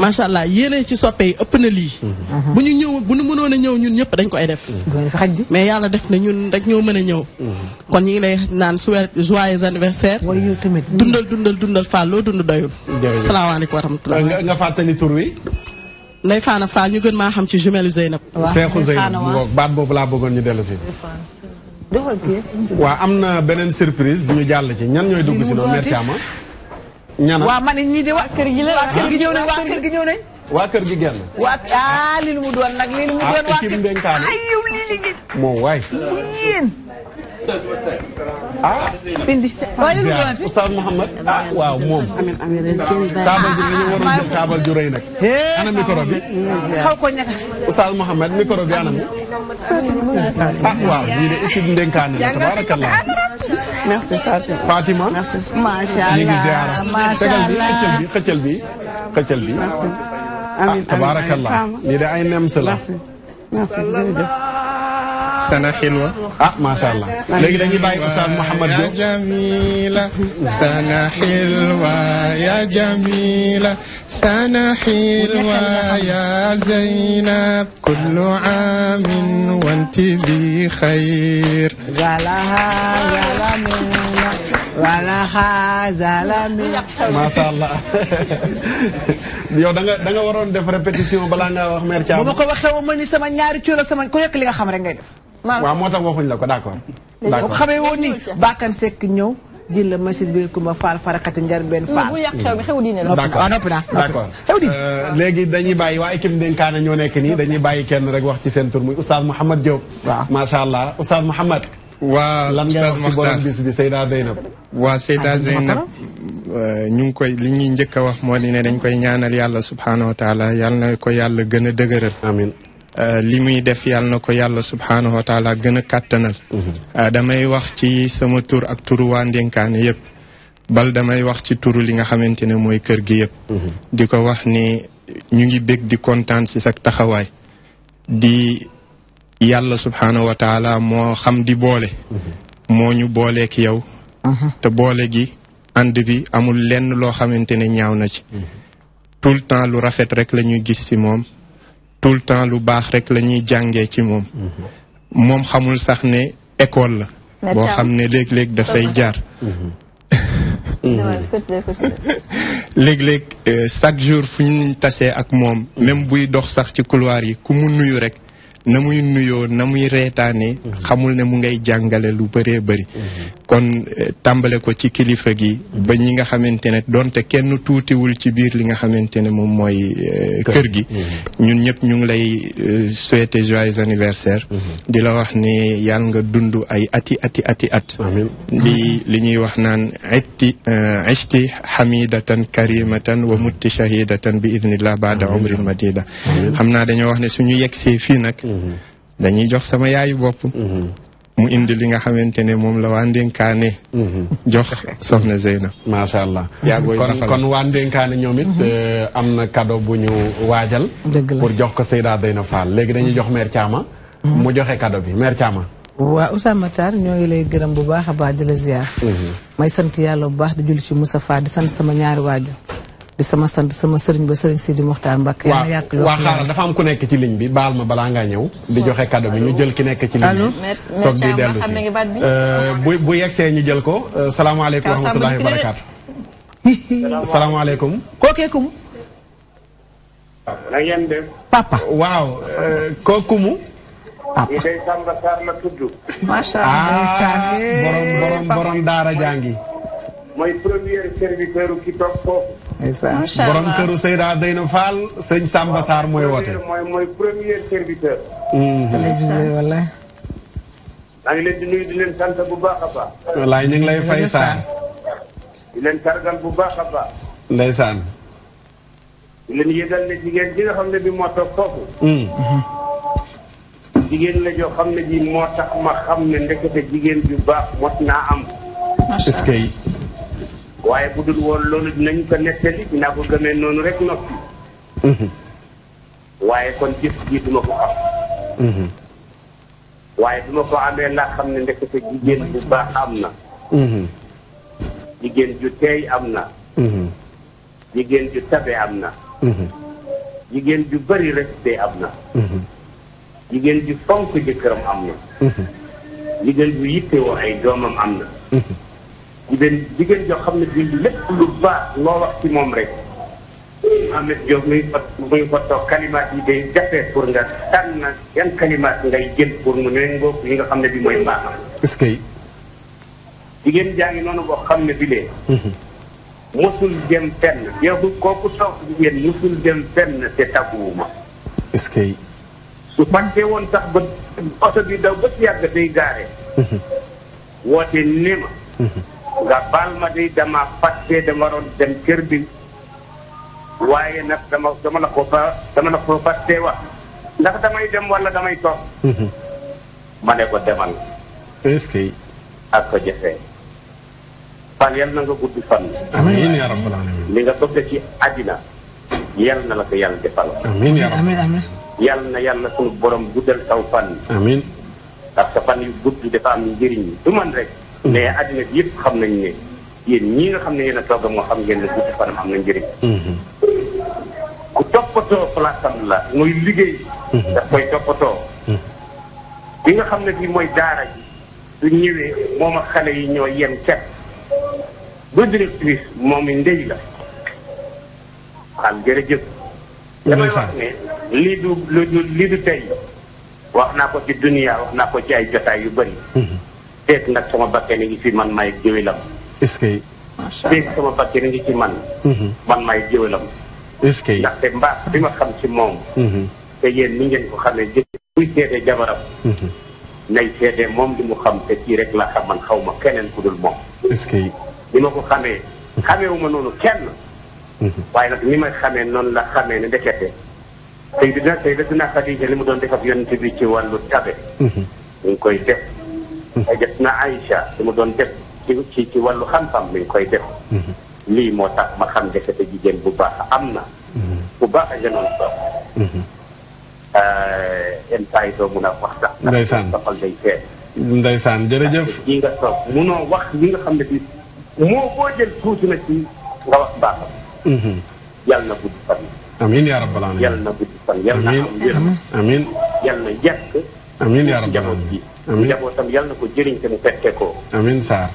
macha allah yéene ci soppe yi ëpp na lii bu ñu ñëw bu ñu mënoon a ñëw ñun ñëpp dañ koy def mais yàlla def na ñun rek ñoo mën a ñëw kon ñu ngi lay naan souhait joyeux anniversaire dundal dundal dundal Fall loo dund doyul salaamaaleykum wa rahmatulah nga fàttali tur Ndeye Fana Fall ñu gën maa xam ci jumelle Zeynab. waaw Seexu Zeynab baat boobu laa bëggoon ñu dellu si. waaw am na beneen surprise ñu jàll ci ñan ñooy dugg si noonu mère Thiam ñana waaw man ñii de waa kër gi ñëw nañ waa kër gi ñëw nañ. waa kër gi genn. waa ah li mu doon nag li mu doon ah, waa kër. ah moom waay. ah. indi Oustaz Mouhamed ah waaw moom. amiin amiin taabal ji li ñu waroon jël taabal ju rëy nag. ana micro bi. xaw ko ñaka. Oustaz Mouhamed micro bi ana mu. ah waaw lii de équipe ndénkaane la tabarakallah merci Fatima. Fatima. macha allah ñu ngi ziara. macha allah tegal bi xëccal bi xëccal bi xëccal bi. amiin amiin tabarakallah lii de ay nems la. merci merci jërëjëf. sana xilwa ah macha allah léegi dañuy bàyyi oustaz Mouhamed Diop ya jamila sana xilwa ya jamila sana xilwa ya bi xayr zalaha zalamina walaha zalamina macha allah def répétition balaa wax mère Thiam bu ma ko waxee woon ma sama ñaari coono sama xam rek waaw moo tax waxuñ la ko d'accord d'accord xamee woon ni Bakane ñëw la masis bi kumba faal farakati njar benn faal bu yàq xew bi xew diine la d'accord ah, noppi naa d'accord xew euh, léegi dañuy bàyyi waa équipe ñoo nekk nii dañuy bàyyi kenn rek wax ci seen muy oustaz Mouhamed Diop waaw macha allah oustaz Mouhamed waa lan nga wax ci borom bis bi Seyda Zeynab waa Seyda Zeynab euh, ñu ngi koy li ñuy njëkk a wax moo di ne dañ koy ñaanal yàlla subhaanahu wa taala yàlla na ko yàlla gën a dëgëral Euh, li muy def yàlla na ko yàlla subhaanahu wa taala gën a mhm. euh, damay wax ci sama tur ak turu waa ndénkaane yëpp bal damay wax ci turu li nga xamante ne mooy kër gi yëpp mhm. di ko wax ni ñu ngi bég di kontaan si sak taxawaay di yàlla subhaanahu wa moo xam di boole mhm. moo ñu booleek yow te boole gi ànd bi amul lenn loo xamante ne ñaaw na ci tout le temps lu rafet rek la gis si moom tout le temps lu baax rek la ñuy jàngee ci moom moom xamul sax ne école la boo xam ne léeg-léeg dafay jaar léeg-léeg euh, chaque jour fu ñu tasee ak moom mm-hmm. même buy dox sax ci couloir yi ku mu nuyu rek na muy nuyoo na muy reetaane mhm. xamul ne mu ngay jàngale lu bëree bari mhm. kon eh, tàmbale ko ci kilifa gi mhm. ba ñi nga xamante ne donte kenn tuutiwul ci biir li nga xamante ne moom mooy eh, kër gi ñun ñëpp ñu ngi lay eh, souhaiter joyeux anniversaire di la wax ne yàlla nga dund ay ati ati ati at li ñuy wax naan itti ichti hamidatan karimatan wa mutti shahidatan bi idnillah baada umrin madida xam naa dañoo wax ne suñu yegsee fii nag dañuy jox sama yaayu bopp mu indi li nga xamante ne moom la waa ndénkaane jox soxna Zeyna macha allah kon kon waa ndénkaane ñoom it eh, am na kado bu ñu waajal pour jox ko Seyda Zeyna Fall léegi dañuy jox mère Thiama mu joxe kado bi mère Thiama waaw Ousmane Matar ñoo ngi lay gërëm bu baax a baax di la ziar mm-hmm. may sant yàlla bu baax di julli ci Moussa Fall sant sama ñaari waajur di sama sant sama sëriñ ba sëriñ Sidi Muxtaar Mbàkke yaa yàq loolu dafa am ku nekk ci ligne bi baal ma balaa ngaa ñëw di joxe kàddu bi ñu jël ki nekk ci ligne bi soog dellu euh, bu bu ñu jël ko euh, salaamaaleykum wa rahmatullaahi wa barakaatu salaamaaleykum kookeekum na ngeen def papa waaw euh, kookumu papa ñu ah, ah, borom daara jàngi macha allah borom këru Seyda Deyna Fall sëñ Samba Sarr mooy woote. mooy mooy premier serviteur. téléviseur mhm. wala. maa ngi leen di nuyu di leen sant bu baax a baax. walaay ñu ngi lay fay Sarr. di leen sargal bu baax a baax. ndeysaan. di leen yëgal ne jigéen ji nga xam ne bi moo toog foofu. Mhm. jigéen la joo xam ne ji moo tax ma xam ne ndekete jigéen ju baax mot naa am. macha allah waaye bu dul woon loolu dinañ ko nettali dinaa ko gëmee noonu rek noppi. Mhm. waaye kon jëf ji duma ko am. Mhm. waaye duma ko amee laa xam ne ndekete jigéen bu baax am na. Mhm. jigéen ju teey am na. jigéen ju tabe am na. jigéen ju bari respect am na. jigéen ju fonk jëkkëram am na. jigéen ju yittewoo ay doomam am na. jigéen jigéen joo xam ne bii lépp lu baax loo wax ci moom rek Ahmed Diop muy muy fa kalimaat yi day jafe pour nga tànn yan kalimaat ngay jël pour nga xam ne bi mooy mbaaxam. est-ce que. jigéen jaa ngi noonu boo xam ne bi lee. mosul mm-hmm. dem fenn. yow kooku soog jigéen mosul dem fenn te tàgguwuma. est su fàttee woon sax ba oto bi daw ba ci yàgg day gaare. Mm-hmm. woote nee ma. Mm-hmm. nga baal ma de dama fàtte dama waroon dem kër bi waaye nag dama dama la ko ba dama la ko fàtte wax ndax damay dem wala damay toog. Mhm. ma ne ko demal. est-ce que. na li nga bëgg ci àddina. yal na la ko yàlla defal. amiin yaa rabbal yal na yàlla sunu borom guddal saw fan. amiin. ndax sa fan yu gudd dafa am njëriñ du man rek. mais àddina bi yëpp xam nañ ne yéen ñi nga xam ne yéen a toog moo xam ngeen ne fanam am na njëriñ. Mhm. ku toppatoo place la muy liggéey. Mhm. daf koy toppatoo. Mhm. bi nga xam ne bii mooy daara ji su ñëwee moom ak xale yi ñoo yem cet ba directrice moom i ndey la xam jërëjëf. damay wax ne lii du lii du lii du tey wax naa ko ci duniya wax naa ko ci ay jotaay yu bëri. déet nag sama bakkee ni ñu fi man may géwélam est-ce que déet sama bakkee ni ngi ci man mm-hmm. man may géwélam est-ce te ndaxte bi ma xam ci moom mm-hmm. te yéen ni ngeen ko xamee jë buy seetee jabaram mm-hmm. nay seetee moom li mu xam te kii rek laa xam man xaw ma keneen ku dul moom est-ce que li ma ko xamee xameewu ma noonu kenn waaye nag ni may xamee noonu la xamee ne ndekete te dina tey da dina Xadija li mu doon def ak yonent ci wàllu tabe ñu ngi koy def ay def na Aïcha li mu doon def ci ci ci wàllu xam-xam mi ngi koy def mm-hmm. lii moo tax ma xam ndekete jigéen bu baax am na mm-hmm. bu baax a jënoon soog yenn mm-hmm. euh, saa yi doo mun a wax sax ndeysaan doxal day seet ndeysaan jërëjëf yi nga soog munoo wax li nga xam ne bi moo boo jël tuuti na ci nga wax baaxam yàlla na gudd fan amin yaa rabbal alamin yàlla na gudd fan yàlla na am wér amin yàlla na yekk amin yaa rabbal alamin amiin njabootam yal na ko jëriñ te mu fekke ko. amiin Sarr.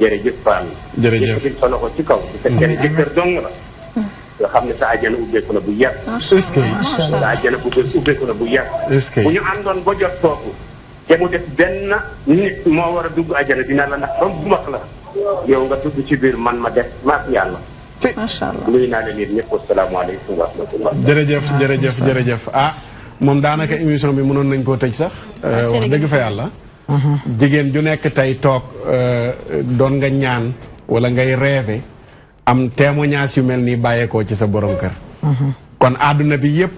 jërëjëf Fall. jërëjëf jërëjëf sa loxo ci kaw. bu fekkee ne jëkkër dong la. nga xam ne na bu yàgg. est-ce que sa àjjana ubbeeku na bu yàgg. est-ce que bu ñu àndoon ba jot foofu. te mu def benn moo war a dugg àjjana dina la ndax ba bu mag la. yow nga dugg ci biir man ma def maak yàlla. macha allah nuyu naa leen yéen ñëpp asalaamaaleykum moom daanaka émission bi mënoon nañ koo tëj sax. Ah, euh, wax dëgg fa jigéen ju nekk tey toog euh, doon nga ñaan wala ngay rêve am témoignage yu mel nii bàyyeekoo ci sa borom kër. Mhm. kon àdduna bi yépp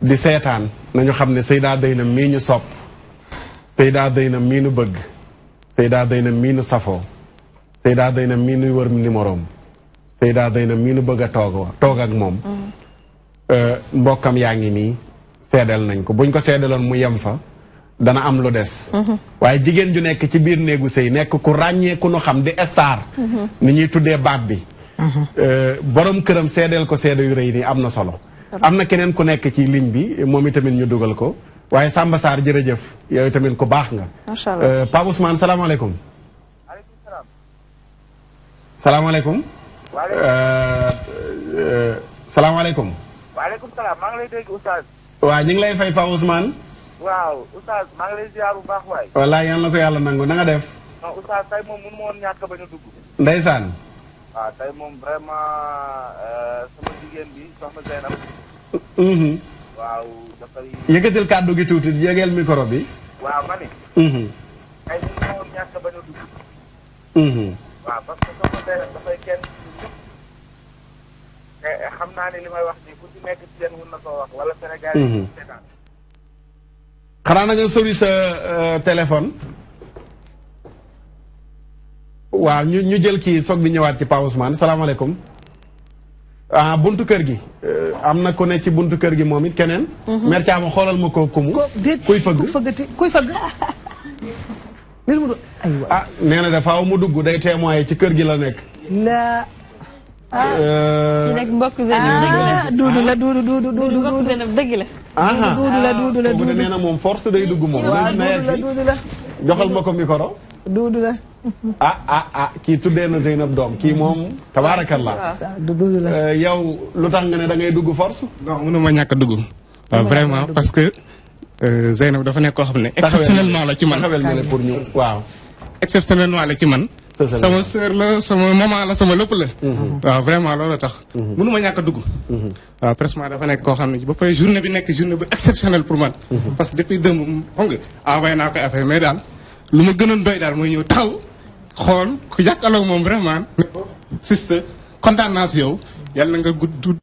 di seetaan nañu xam ne Seyda Dayna mii ñu sopp Seyda Dayna mii nu bëgg Seyda Dayna mii nu safoo Seyda Dayna mii nu wër numéroom Seyda Dayna mii nu bëgg a toog toog moom. Mhm. Euh, mbokkam yaa ngi nii. seedeel nañ ko buñ ko seedaloon mu yem fa dana am lu des mm-hmm. waaye jigéen ju nekk ci biir néegu sëy nekk ku ràññee ku nu xam di star mm-hmm. ni ñuy tuddee baat bi mm-hmm. euh, boroom këram seedeel ko seede yu rëy nii am na solo am na keneen ku nekk ci ligne bi moom itamit ñu dugal ko waaye Samba Sarr jërëjëf yooyu tamit ku baax nga euh, Pape Ousmane salaamaaleykum aleykum salaam salaamaaleykum euh, salaamaaleykum waaleykum waaw ñu ngi lay fay Pa Ousmane. waaw oustaz maa ngi lay ziar bu baax waay. walaay yal na ko yàlla nangu na nga def. non oustaz tey moom mënu ma woon ñàkk bañ a dugg. ndeysaan. waaw tey moom vraiment euh, sama jigéen bi soxna Zeynab. Mm-hmm. waaw dafay. yëkkatil kàddu gi tuuti yëgeel micro bi. waaw ma ne. Mm-hmm. tey mënu ma woon ñàkk bañ a dugg. Mm-hmm. waaw parce que soxna Zeynab dafay kenn. Eh, eh, xam naa ne li may wax nii Mhm. xanaa na nga sori sa euh, téléphone. waaw ñu ñu jël kii soog bi ñëwaat ci Pa Ousmane salaamaaleykum. ah buntu kër gi. Euh, am na ku nekk ci buntu kër gi moom it keneen. Mhm. mère Thiam xoolal ma ko kumu. kuy fëgg kuy fëgg ah nee dafa aw mu dugg day témoigner ci kër gi la nekk. Ah. Euh, kii nag mbokk Zeynab ah, dëgg la ah. duudu la duudu la. duudu la duudu la duudu moom force day dugg moom. waaw duudu la duudu la joxal ma ko micro. duudu la. ah ah kii tuddee na Zeynab doom kii moom tabaarakallah. duudu la euh, yow lu tax nga ne da ngay dugg force. non mënu ñàkk a dugg. waaw vraiment parce que euh, Zeynab dafa nekk koo xam ne. exceptionnellement la ci man taxawel ma la pour ñu waaw. exceptionnellement la ci man. sama sœur la sama maman la sama lépp la. Mhm. waaw vraiment loolu tax. Mhm. mënu ma ñàkk dugg. Mhm. waaw pratiquement dafa nekk koo xam ne ba pare journée bi nekk journée bu exceptionnelle pour man. parce que depuis démb xam nga envoyé naa ko affaire mais daal lu ma gënoon doy daal mooy ñëw taxaw xool ku jàkkaarloo moom vraiment. ne ko siste kontaan si yow yàlla na nga gudd.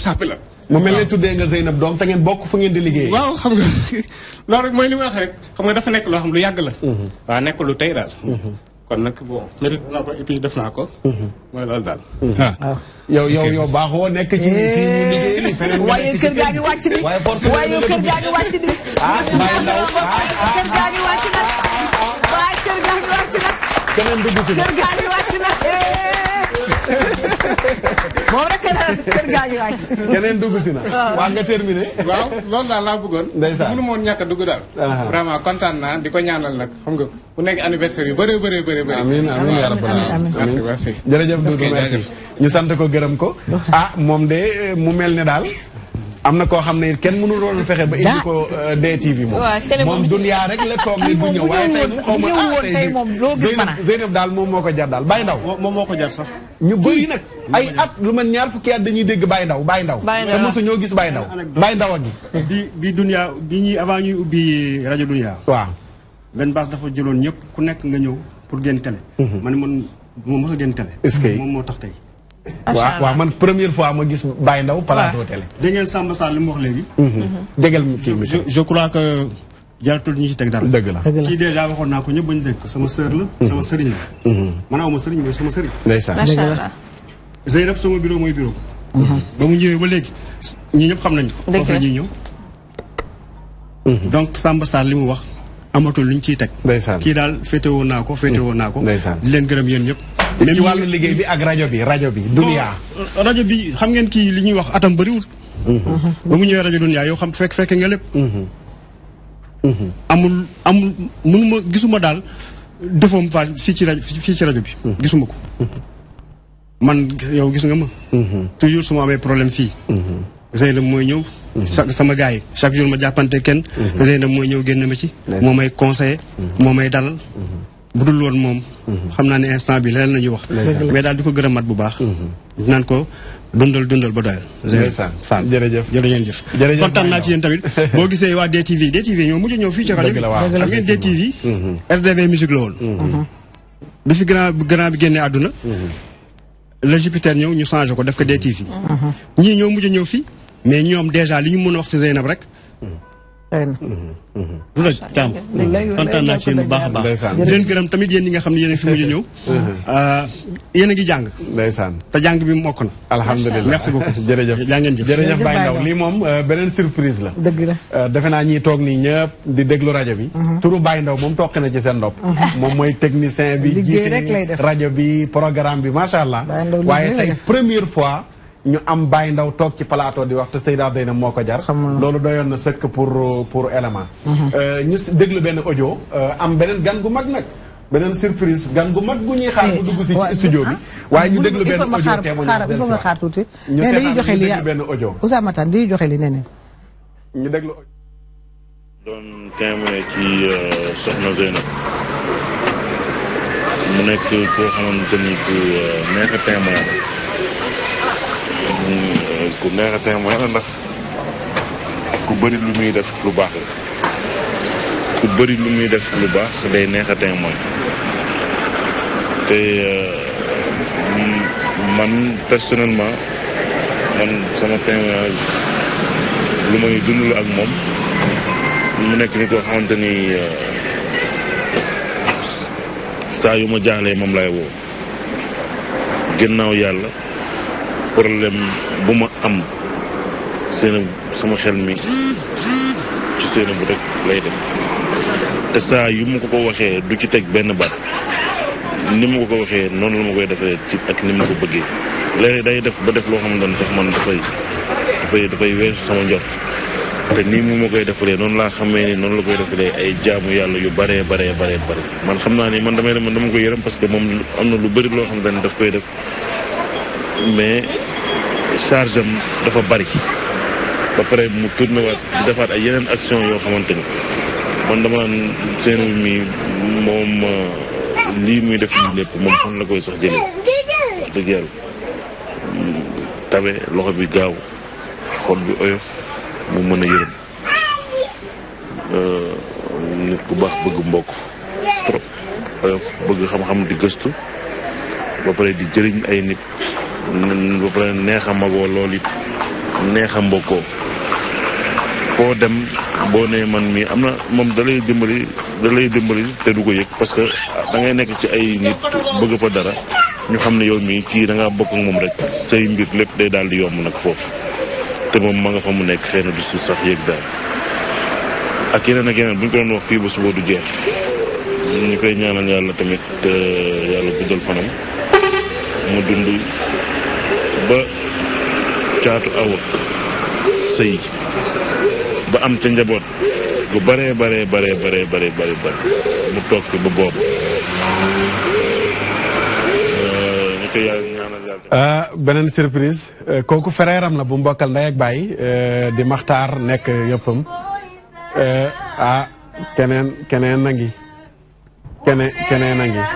sàppi la. mu mel ne tuddee nga Zeynab doom te ngeen bokk fu ngeen di liggéey waaw xam nga loolu rek mooy li ma wax rek xam nga dafa nekk loo xam lu yàgg la mhm. waaw nekk lu tey daal mhm. kon nag bon mérite naa ko et puis def naa ko mhm. mooy loolu daal waaw ah. ah. yow yow yow baaxoo nekk ci ci eh, feneen waaye kër gaa ngi wàcc di waaye kër gaa ngi wàcc di ah mbay ndaw kër gaa ngi wàcc nag waaye kër gaa ngi wàcc nag keneen dugg fi kër gaa ngi wàcc nag moom rek kër gaañ waaj. keneen dugg si na. waa nga terminé. waaw loolu daal laa bëggoon. ndeysaan mënu ma woon ñàkk a dugg daal. Ah. vraiment kontaan naa di ko ñaanal nag xam nga bu nekk anniversaire yu bëree bëree bëri. amiin amiin yaa rabbal ñu sante ko gërëm ko. ah moom de mu mel ne daal. am na koo xam ne it kenn mënul woon fexe ba indi ko euh, DTV moom. moom dunya rek la toog nit bu ñëw waaye ah, tey moom xaw a Zeynab daal moom moo ko jar daal bàyyi ndaw. moom ñu bëri nag ay at lu man ñaar fukki at dañuy dégg Baye Ndaw Baye Ndaw te mosu ñoo gis Baye Ndaw Baye Ndaw a gi bi bi dunia bi ñuy avant ñuy ubbi rajo dunia waaw benn baas dafa jëloon ñëpp ku nekk nga ñëw pour génn télé mhm. ma ne man moom mos a génn télé est-ce que moom moo tax tey waaw waaw man première fois ma gis Baye Ndaw plateau télé dégg ngeen Samba Sall li mu wax léegi mhm. déggal kii je crois que jaratul ñu ci teg dara. dëgg la kii dèjà waxoon naa ko ñëpp bañ dégg ko sama sœur la. Mhm. sama sëriñ la. Mhm. man aw ma sëriñ mooy sama sëriñ. ndeysaan macha allah. Zeynab sama bureau mooy bureau. Mhm. ba mu ñëwee ba léegi ñi ñëpp xam nañ ko. foofu la ñëw. donc Samba Sarr li mu wax amatul luñ ci teg. ndeysaan kii daal féete woon naa ko féete woon naa ko. ndeysaan di leen gërëm yéen ñëpp. même ci wàllu liggéey bi ak rajo bi rajo bi. dunia rajo bi xam ngeen kii li ñuy wax atam bëriwul. ba mu ñëwee rajo dunia yow xam fekk fekk nga lépp amul amul ma gisuma daal defoom fa fii ci rajo fii ci rajo bi. gisuma ko. man yow gis nga ma. toujours su ma amee problème fii. Zeynab mooy ñëw. sama gars yi chaque jour ma jàppante kenn. Zeynab mooy ñëw génn ma ci. moom may conseillé. moo may dalal. bu dul woon moom. xam naa ne instant bi leneen la ñuy wax. mais daal di ko mat bu baax. naan ko. dundal dundal ba doyal. ndeysaan Fall jërëjëf jërëjëf. jërëjëf kontaan naa ci yéen tamit boo gisee waa DTV DTV ñoo mujj ñëw fii ci rajo bi xam ngeen DTV. Mm-hmm. RDV musique la woon. Mm-hmm. bi fi grand grand bi génnee àdduna. Mm-hmm. le Jupiter ñëw ñu changé ko def ko DTV. ñii ñoo mujj ñëw fii mais ñoom dèjà li ñu mën a wax si Zeynab rek. xëy na. du la caam a baax. tamit yéen ñi nga xam ne yéen a fi mujj ñëw. yéen a ngi jàng. ndeysaan te jàng bi mokk na. alhamdulilah merci beaucoup jërëjëf jaa ngeen jëf. jërëjëf Baye Ndaw lii moom euh, beneen surprise la. dëgg la euh, defe naa ñiy toog nii ñëpp di déglu rajo bi. Mhm. turu Baye Ndaw moom toog na ci seen ndopp. Mhm. moom mooy technicien bi. liggéey rek lay def rajo bi programme bi macha allah. waaye tey première fois ñu am bàyyi ndaw toog ci plateau di wax te Seyda Zeyna moo ko jar. loolu doyoon na sëkk pour pour élément. Mhm. Euh, ñu déglu benn audio euh, am beneen gan gu mag nag. beneen surprise gan gu mag gu ñuy xaar bu dugg si eh, studio bi. Ah, waaye ñu déglu benn audio témoignage il faut nga xaar tuuti. ñu joxe li benn audio. Ousama Tane dañuy joxe li neneen. ñu déglu. doon témoin ci euh, Soxna Zeyna. mu nekk koo xamante ni ku neex a Mm, ku neex a témoin la ndax ku bëri lu muy def lu baax la ku bëri lu muy def lu baax day neex a témoin te euh, man personnellement man sama témoignage lu may dund ak moom mu nekk ni ko xamante ni euh, saa yu ma jaaxlee moom lay woo ginnaaw yàlla problème bu ma am seen sama xel mi ci seen bu rek lay def te saa yu mu ko ko waxee du ci teg benn baat ni ma ko ko waxee noonu la ma koy defee ci ak ni ma ko bëggee léeg day def ba def loo xam ne sax man dafay dafay dafay weesu sama njort te nii mu ma koy defalee noonu laa xamee ni noonu la koy defalee ay jaamu yàlla yu baree baree baree bare man xam naa ni man damay man dama ko yërëm parce que moom am na lu bëri loo xam ne daf koy def mais charge dafa bari ba pare mu tourné waat di defaat ay yeneen action yoo xamante ni man dama naan seen mi moom euh, lii muy def lépp moom fan la koy sax jëlee wax dëgg yàlla loxo bi gaaw xool bi oyof mu mën a yërëm euh, nit ku baax bëgg mbokk trop oyof bëgg xam-xam di gëstu ba pare di jëriñ ay nit ba pare neex a magoo lool it neex mbokkoo foo dem boo nee man mii am na moom dalay dimbali da lay dimbali te du ko yëg parce que da nekk ci ay nit bëgg fa dara ñu xam ne yow mii kii danga ngaa bokk moom rek say mbir lépp day daal di yomb nag foofu te moom ma nga fa mu nekk xëy na du su sax yëg daal ak yeneen ak yeneen bu ñu ko doon wax fii ba suba du jeex ñu koy ñaanal yàlla tamit euh, yàlla guddal fanam mu dund ba caatu awa sëy ba am ca njaboot gu bare bare bare bare bare bare bare mu toog fi ba boobu euh, euh, beneen surprise euh, kooku fereeram na bu mbokkal ndey ak baay di maxtaar nekk yëppam ah keneen keneen na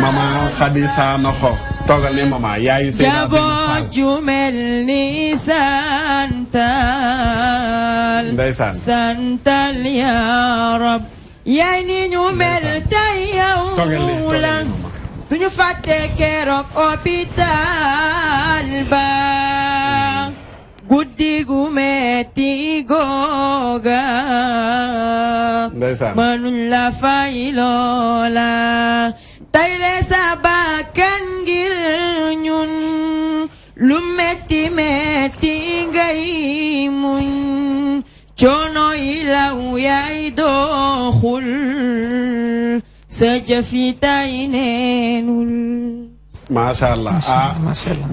mama xadi saa toogal ne maman yaayu Seyda jaboot ju mel ni santal ndeysaan santal ya rab yaay ni ñu mel tey yow la duñu fàtte keroog hôpital ba guddi gu metti googa ndeysaan mënuñ la fay loola tey le sabakan ngir ñun lu metti metti ngay muñ coono yi law yaay dooxul sa jëf yi tay allah ah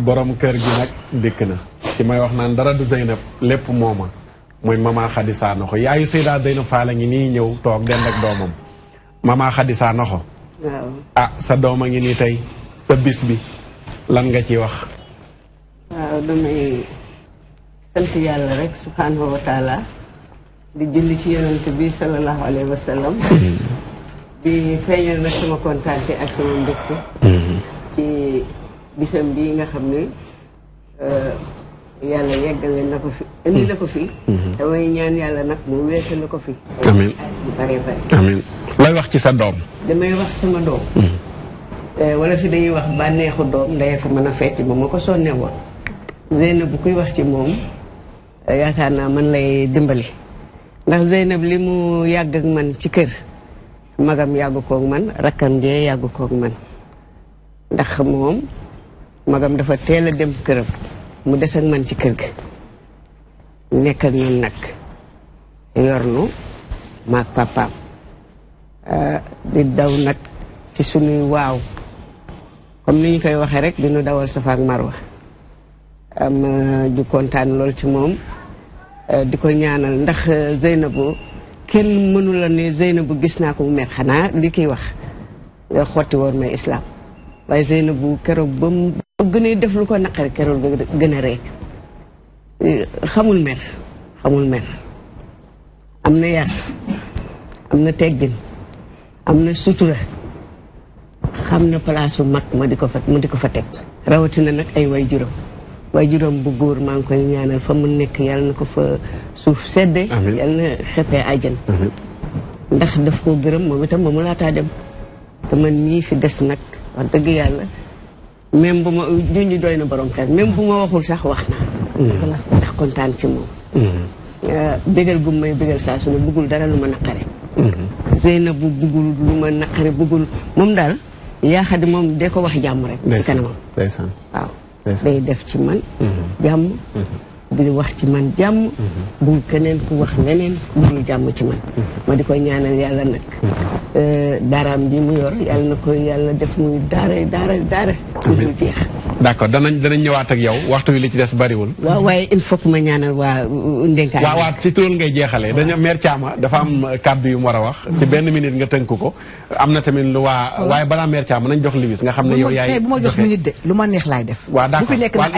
borom kër gi nag dikk na ci may wax naan dara du Zeynab lépp mooma muy mama Khady Sanoxo yaayu Seyda Zeynab Fall a nii ñëw toog dend ak doomam mama Khady Sanoxo a ah, sa doom a ngi nii tey sa bis bi lan nga ci wax. waaw damay sant yàlla rek subhaanahu wa taala di julli ci yonent bi sallallahu alayhi wa sallam. Mm-hmm. di feeñal nag sama kontaante ak sama mbégte. Mm-hmm. ci bisam bii nga xam ne. Euh, yàlla yeggale na ko fi indi mhm. damay ñaan yàlla nag mu weesu la ko fi. amiin bu wax ci sa doom. damay wax sama doom. Mhm. Eh, wala fi dañuy wax bànneexu doom ndey ko mën a fecc ba ma ko sonnee woon. Zeynab bu kuy wax ci moom yaakaar naa man lay dimbali. ndax Zeynab li mu yàgg ak man ci kër. magam yàggu koog man rakkam jee yàggu man. ndax moom magam dafa teel a dem këram. mu des ak man ci kër gi nekk ak ñun nag yor nu maag papaam euh, di daw nag ci sunuy waaw comme ni ñu koy waxee rek di nu dawal safa ak marwa am ju euh, kontaan lool ci moom euh, di ko ñaanal ndax Zeynabu kenn mënu la ne bu gis naa ko mu mer xanaa li kiy wax xotti woon may islaam waaye Zeynabu keroog ba mu gën a def lu ko naqari keroog gën a rey xamul mer xamul mer am na yar am na teggin am na sutura xam na palaasu mag ma di ko fa mu di ko fa teg rawatina nag ay way juróom way juróom bu góor maa ngi koy ñaanal fa mu nekk yàlla na ko fa suuf seddee yàlla na xeppee àjjan ndax daf koo gërëm moom itam ba mu laataa dem te man ñii fi des nag wax dëgg yàlla même bu ma junj dooy na borom xel même bu ma waxul sax wax naa. Hmm. ndax kontaan ci moom. Hmm. Euh, bégal gu may bégal saa su ne bëggul dara lu ma naqare. Hmm. Zeynabu bëggul lu ma naqare bëggul moom daal yaa xam moom de ko wax jàmm rek. ci kanamam waaw day def ci man. jàmm. bul wax ci man jàmm bu keneen ku wax leneen bul jàmm ci man ma di koy ñaanal yàlla nag mm-hmm. euh, daaraam bi mu yor yàlla na koy yàlla def muy daara daara daara lu dul jeex d'accord danañ danañ ñëwaat ak yow waxtu wi li ci des bariwul. waaw waaye il faut que ma ñaanal waa euh, Ndenkaan. waaw waaw ci loolu ngay jeexalee. dañu meer Thiama dafa am kàddu yu mu war a wax. ci benn minute nga tënk ko. am na tamit lu waa waaye balaa meer Thiama nañ jox Liwis nga xam ne yow. yaay bu ma jox minute de lu ma neex laay def. bu fi nekk nag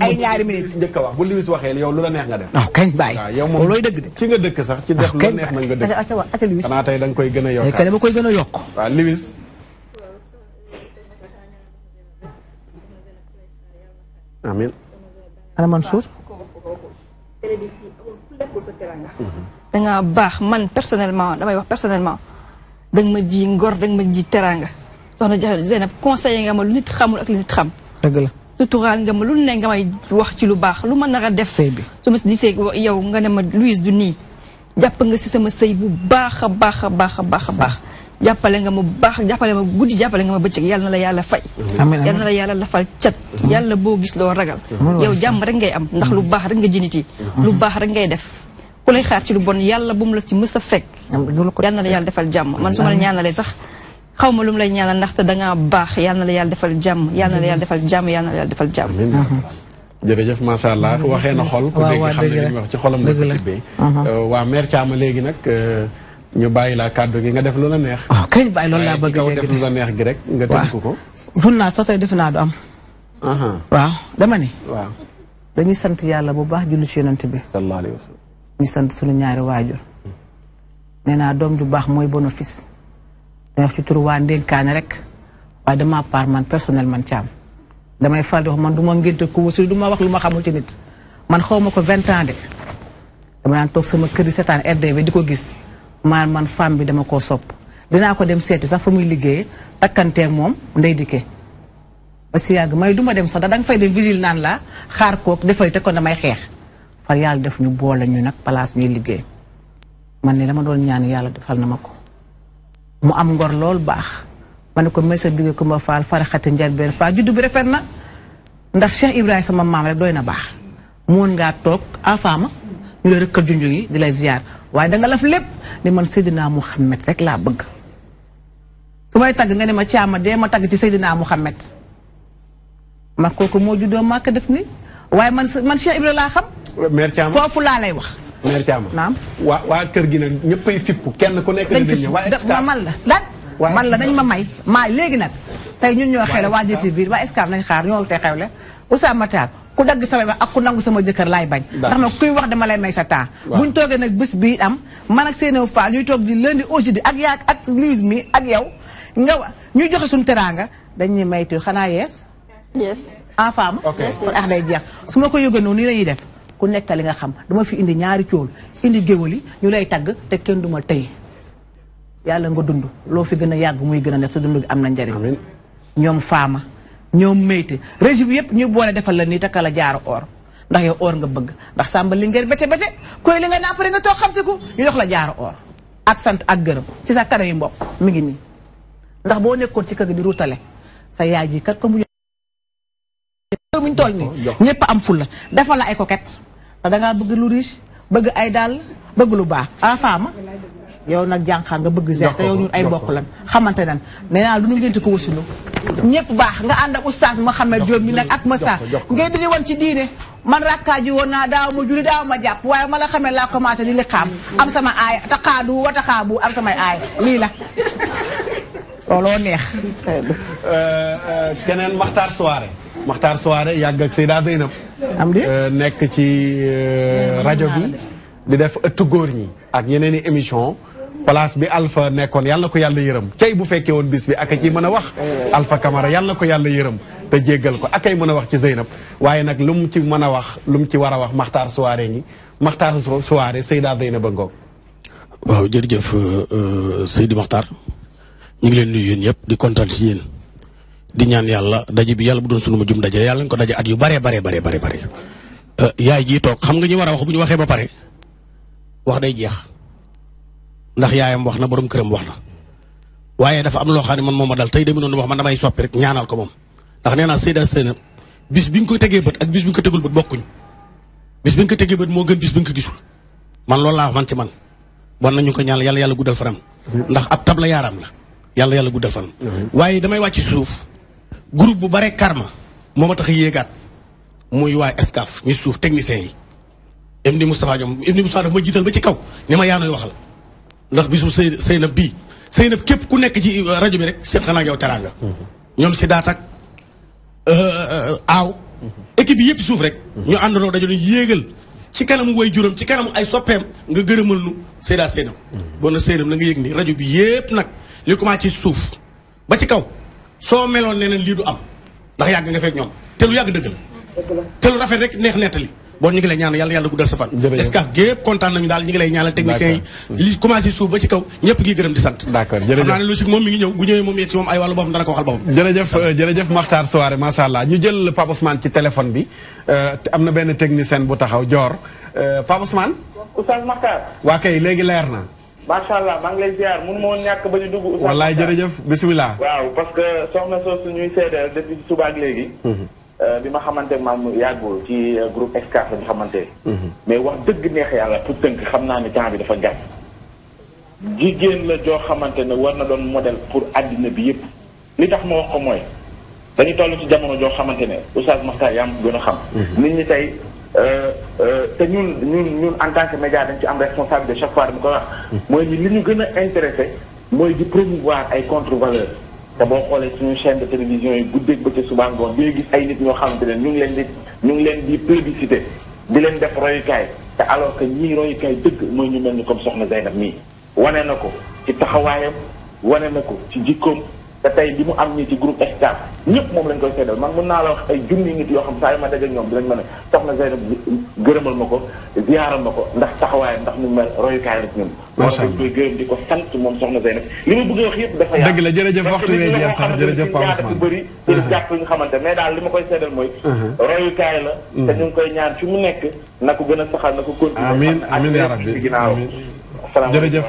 ay ñaari minute. njëkk a wax bu Liwis waxee yow lu la neex nga def. waaw ah, kañ bàyyi waaw looy dëgg de. ci nga dëkk sax ci def ah, lu neex nañ nga dëkk. xanaa tey da eh, koy gën a yokk. dama koy gën a yokk. amiin ana Mansour. dangaa baax man personnellement damay wax personnellement danga ma ji ngor danga ma ji teraanga soxna Zeynab conseiller nga ma lu nit xamul ak lu nga ma lu ne nga may wax ci lu baax lu ma nar a def. sëy bi su ma gisee yow nga ne ma Louise du nii jàpp nga si sama sëy bu baax a baax baax baax. jàppale nga ma bu baax jàppale ma guddi jàppale nga ma bëccëg yàlla na la yàlla fay yàlla na la yàlla lafal cat yàlla boo gis loo ragal yow jàmm rek ngay am ndax lu baax rek nga jinit yi lu baax rek ngay def ku lay xaar ci lu bon yàlla bu mu la ci mës a fekk yàlla na la yàlla defal jàmm man su ma la ñaanalee sax xaw ma lu mu lay ñaanal ndaxte dangaa baax yàlla na yàlla defal jàmm yàlla na yàlla defal jàmm yàlla na la yàlla defal jàmm jërëjëf macha allah waxee na xol ku dégg xam ne li mu la ko tibbee uh-huh. uh, nag uh, ñu bàyyi laa kàddu gi nga def lu la neex. Ah, kañ bàyyi loolu a def la neex gi rek. nga tënk ko. fun naa sax tey defe naa dama ne. waaw dañuy sant yàlla bu baax julli ci yonent bi. ñu sant suñu ñaari waajur. nee naa doom ju baax mooy bénéfice. dañoo ci turu waa ndénkaane rek. waaye damaa part man personnel man caam. damay faral di wax man du ma ngénte ku wasul du ma wax lu ma xamul ci nit. man xaw ma ko vingt ans de. dama toog sama kër yi seetaan RDV di ko gis. maa man femme bi dama koo sopp dinaa ko dem seeti sax fa muy liggéey takkanteeg moom ndey dikkee ba si yàgg may duma dem sax da nga fay dem vigile naan la xaar kook defal te kon damay xeex far yàlla def ñu boole ñu nag place ñuy liggéey man ne dama doon ñaan yàlla defal na ma ko mu am ngor lool baax ma ne ko mesa bigé ko ma faal faraxati njalbeen faal juddu bi rafet na ndax Cheikh Ibrahima sama maam rek doy na baax moon ngaa toog afaama ah, ñu lay ziar waaye da nga laf lépp ni man Seydina Mouhamed rek laa bëgg su may tagg nga ne ma caama dee ma tagg ci Seydina Mouhamed ma kooku moo doo màkk def ni waaye man man Cheikh Ibra laa xam. foofu laa lay wax. mère Thiam naam. waa waa kër gi nag ñëppay fippu kenn ku nekk dañ ñëw waaye escaf man la lan. man la dañ ma may maa léegi nag. tey ñun ñoo xew la waa biir waa escaf nañ xaar ñoo tey xewle Ousseynou Matar. ku dagg sama wax ak ku nangu sama jëkkër laay bañ ndax nag kuy wax dama lay may sa temps buñ toogee nag bés bii am man ak Seynabou Fall ñuy toog di lundi aujourd'hui ak yaa ak Louise mi ak yow nga ñu joxe suñu teraanga dañuy maytu xanaa yees yes en femme kon ah, day jeex su ma ko yëgoon noonu nii def ku nekk li nga xam dama fi indi ñaari cool indi géwël yi ñu lay tagg te kenn duma tey yàlla nga dund loo fi gën a yàgg muy gën a nekk sa dund gi am na njëriñ ñoom faama ñoom méyte régi bi yëpp ñu boole defal la nii takka a jaaru or ndax yow or nga bëgg ndax sàmba li ngeen bete bete koy li nga naa pare nga toog xam ku ñu jox la jaaru or ak sant ak gërëm ci sa kanam yi mbokk mu ngi nii ndax boo nekkoon ci kër gi di ruutale sa yaay ji kat ko mu muñ tool ni ñëpp am fulla defal la ay coquette ndax dangaa bëgg lu riche bëgg ay daal bëgg lu baax a ah, faama yow nag jànqaa nga bëgg seex te yow ñun ay bokk lan xamante nan nee naa lu nu ngénte ko wasulu ñëpp baax nga ànd ak oustaz Mouhamed Diop mi nag ak Moussa ngay didi woon ci diine man rakkaa ji woon na daaw ma julli a ma jàpp waaye ma la xamee laa commencé di li xaam am sama aaya taqaadu wa taqaabu am samay aaya lii la looloo neex euh, euh, keneen Maxtaar Soare Maxtaar Soare yàgg ak Seyda Zeynab am di euh, nekk ci rajo bi di def ëttu góor ñi ak yeneen émission place bi alfa nekkoon yàlla ko yàlla yërëm cey bu fekkee woon bis bi ak a ciy mën a wax Alpha Camara yàlla ko yàlla yërëm te jéggal ko akay mën a wax ci Zeynab waaye nag lu mu ci mën a wax lu mu ci war a wax maxtaar soirée ngi maxtaar soirée Seyda Zeynab a ngoog waaw jërëjëf euh, euh, Seydi Maxtaar ñu ngi leen nuyu yéen di kontal si yéen di ñaan yàlla daje bi yàlla bu doon sunu ma jum daje yàlla ñu ko daje at yu bare bare bare bare bare euh, yaay jii xam nga ñu war a wax bu ñu waxee ba pare wax day ndax yaayam wax na borom këram wax na waaye dafa am loo xam ne man moom ma dal tey demi noonu wax man damay soppi rek ñaanal ko moom ndax nee naa Seyda Seyna bis bi nga koy tegee bët ak bis bi nga ko tegul bët bokkuñ bis bi nga ko tegee bët moo gën bis bi nga ko gisul man loolu laa wax man ci man ñu nañu ko ñaanal yàlla yàlla guddal fanam ndax ab tab la yaaram la yàlla yàlla guddal fanam waaye damay wàcc suuf groupe bu bare karma moo ma tax a muy waay escaf ñu suuf techniciens yi Md Moustapha ñoom Md Moustapha dafa ma jiital ba ci kaw ni ma yaa nooy waxal ndax bisu sëy Seynab bii Seynab képp ku nekk ci euh, rajo bi rek seq naa yow teraanga. Mhm. ñoom si daatak euh, euh, aaw. Mhm. équipe yi yëpp suuf rek. Mhm. ñu àndandoo daja doon yéegal ci kanamu way juróom ci kanamu ay soppeem nga gërëmal nu Seyda Seynab. bon na Seynab na nga yëg ni rajo bi yëpp nag li commencé ci suuf ba ci kaw soo meloon nee na lii du am ndax yàgg nga fekk ñoom te lu yàgg dëgg la. te lu rafet rek neex nettali. boo ñu ngi lay ñaanal yàlla yàlla guddal sa fan escaf gépp kontaan nañu daal ñu ngi lay ñaanal techniciens yi li commencé suuf ba ci kaw ñëpp ngi gërëm di sant d'accord jërëjëf xam naa ne logique moom mi ngi ñëw bu ñëwee euh, ñu jël Pape ci téléphone bi euh, am na benn technicien bu taxaw joor euh, Pape Ousmane Oustaz Makhtar waa kay léegi leer na macha allah maa ngi lay ziar mënu ma woon ñàkk ba ñu dugg wallaay jërëjëf bisimilah waaw parce que soxna soosu ñuy seede depuis suba ak léegi mm-hmm. Euh, bi ma xamante maam yàggul ci euh, groupe Excaf la ñu xamante mhm. mais wax dëgg neex yàlla tout tënk xam naa ne temps bi dafa gàtt jigéen la joo xamante ne war na doon modèle pour àddina bi yëpp li tax ma wax ko mooy dañu toll ci jamono joo xamante ne Oustaz Makhtar yaa gën a xam mhm. nit ñi tey euh, te ñun ñun ñun en tant que média dañ ci am responsabilité chaque fois dama ko wax mhm. mooy ni li ñu gën a intéressé mooy di promouvoir ay contre valeurs te boo xoolee suñu chaîne de télévision yi guddeeg bëccëg suba ngoon bi gis ay nit ñoo xamante ne ñu ngi leen di ñu ngi leen di publicité di leen def royukaay te alors que ñii royukaay dëgg mooy ñu mel ni comme soxna Zeynab mii wane na ko ci taxawaayam wane na ko ci jikkoom te tey li mu am nii ci groupe Excaf ñëpp moom lañ koy seedal man mun naa la wax ay junni nit yoo xam saa yu ma daje ñoom dinañ ma ne soxna Zeynab gërëmal ma ko ziyaaral ma ko ndax taxawaayam ndax ñu mel royukaay la ci ñun. macha allah koy gërëm di ko sant moom soxna Zeynab li ma a wax yëpp dafa bëri dina uh-huh. jàpp ñu xamante mais daal li ma koy seedal mooy. Uh-huh. royukaay la. Uh-huh. te ñu koy ñaan fi mu nekk na ko gën a saxal na ko continuer. amiin amiin yaa rabbi ginaaw jërëjëf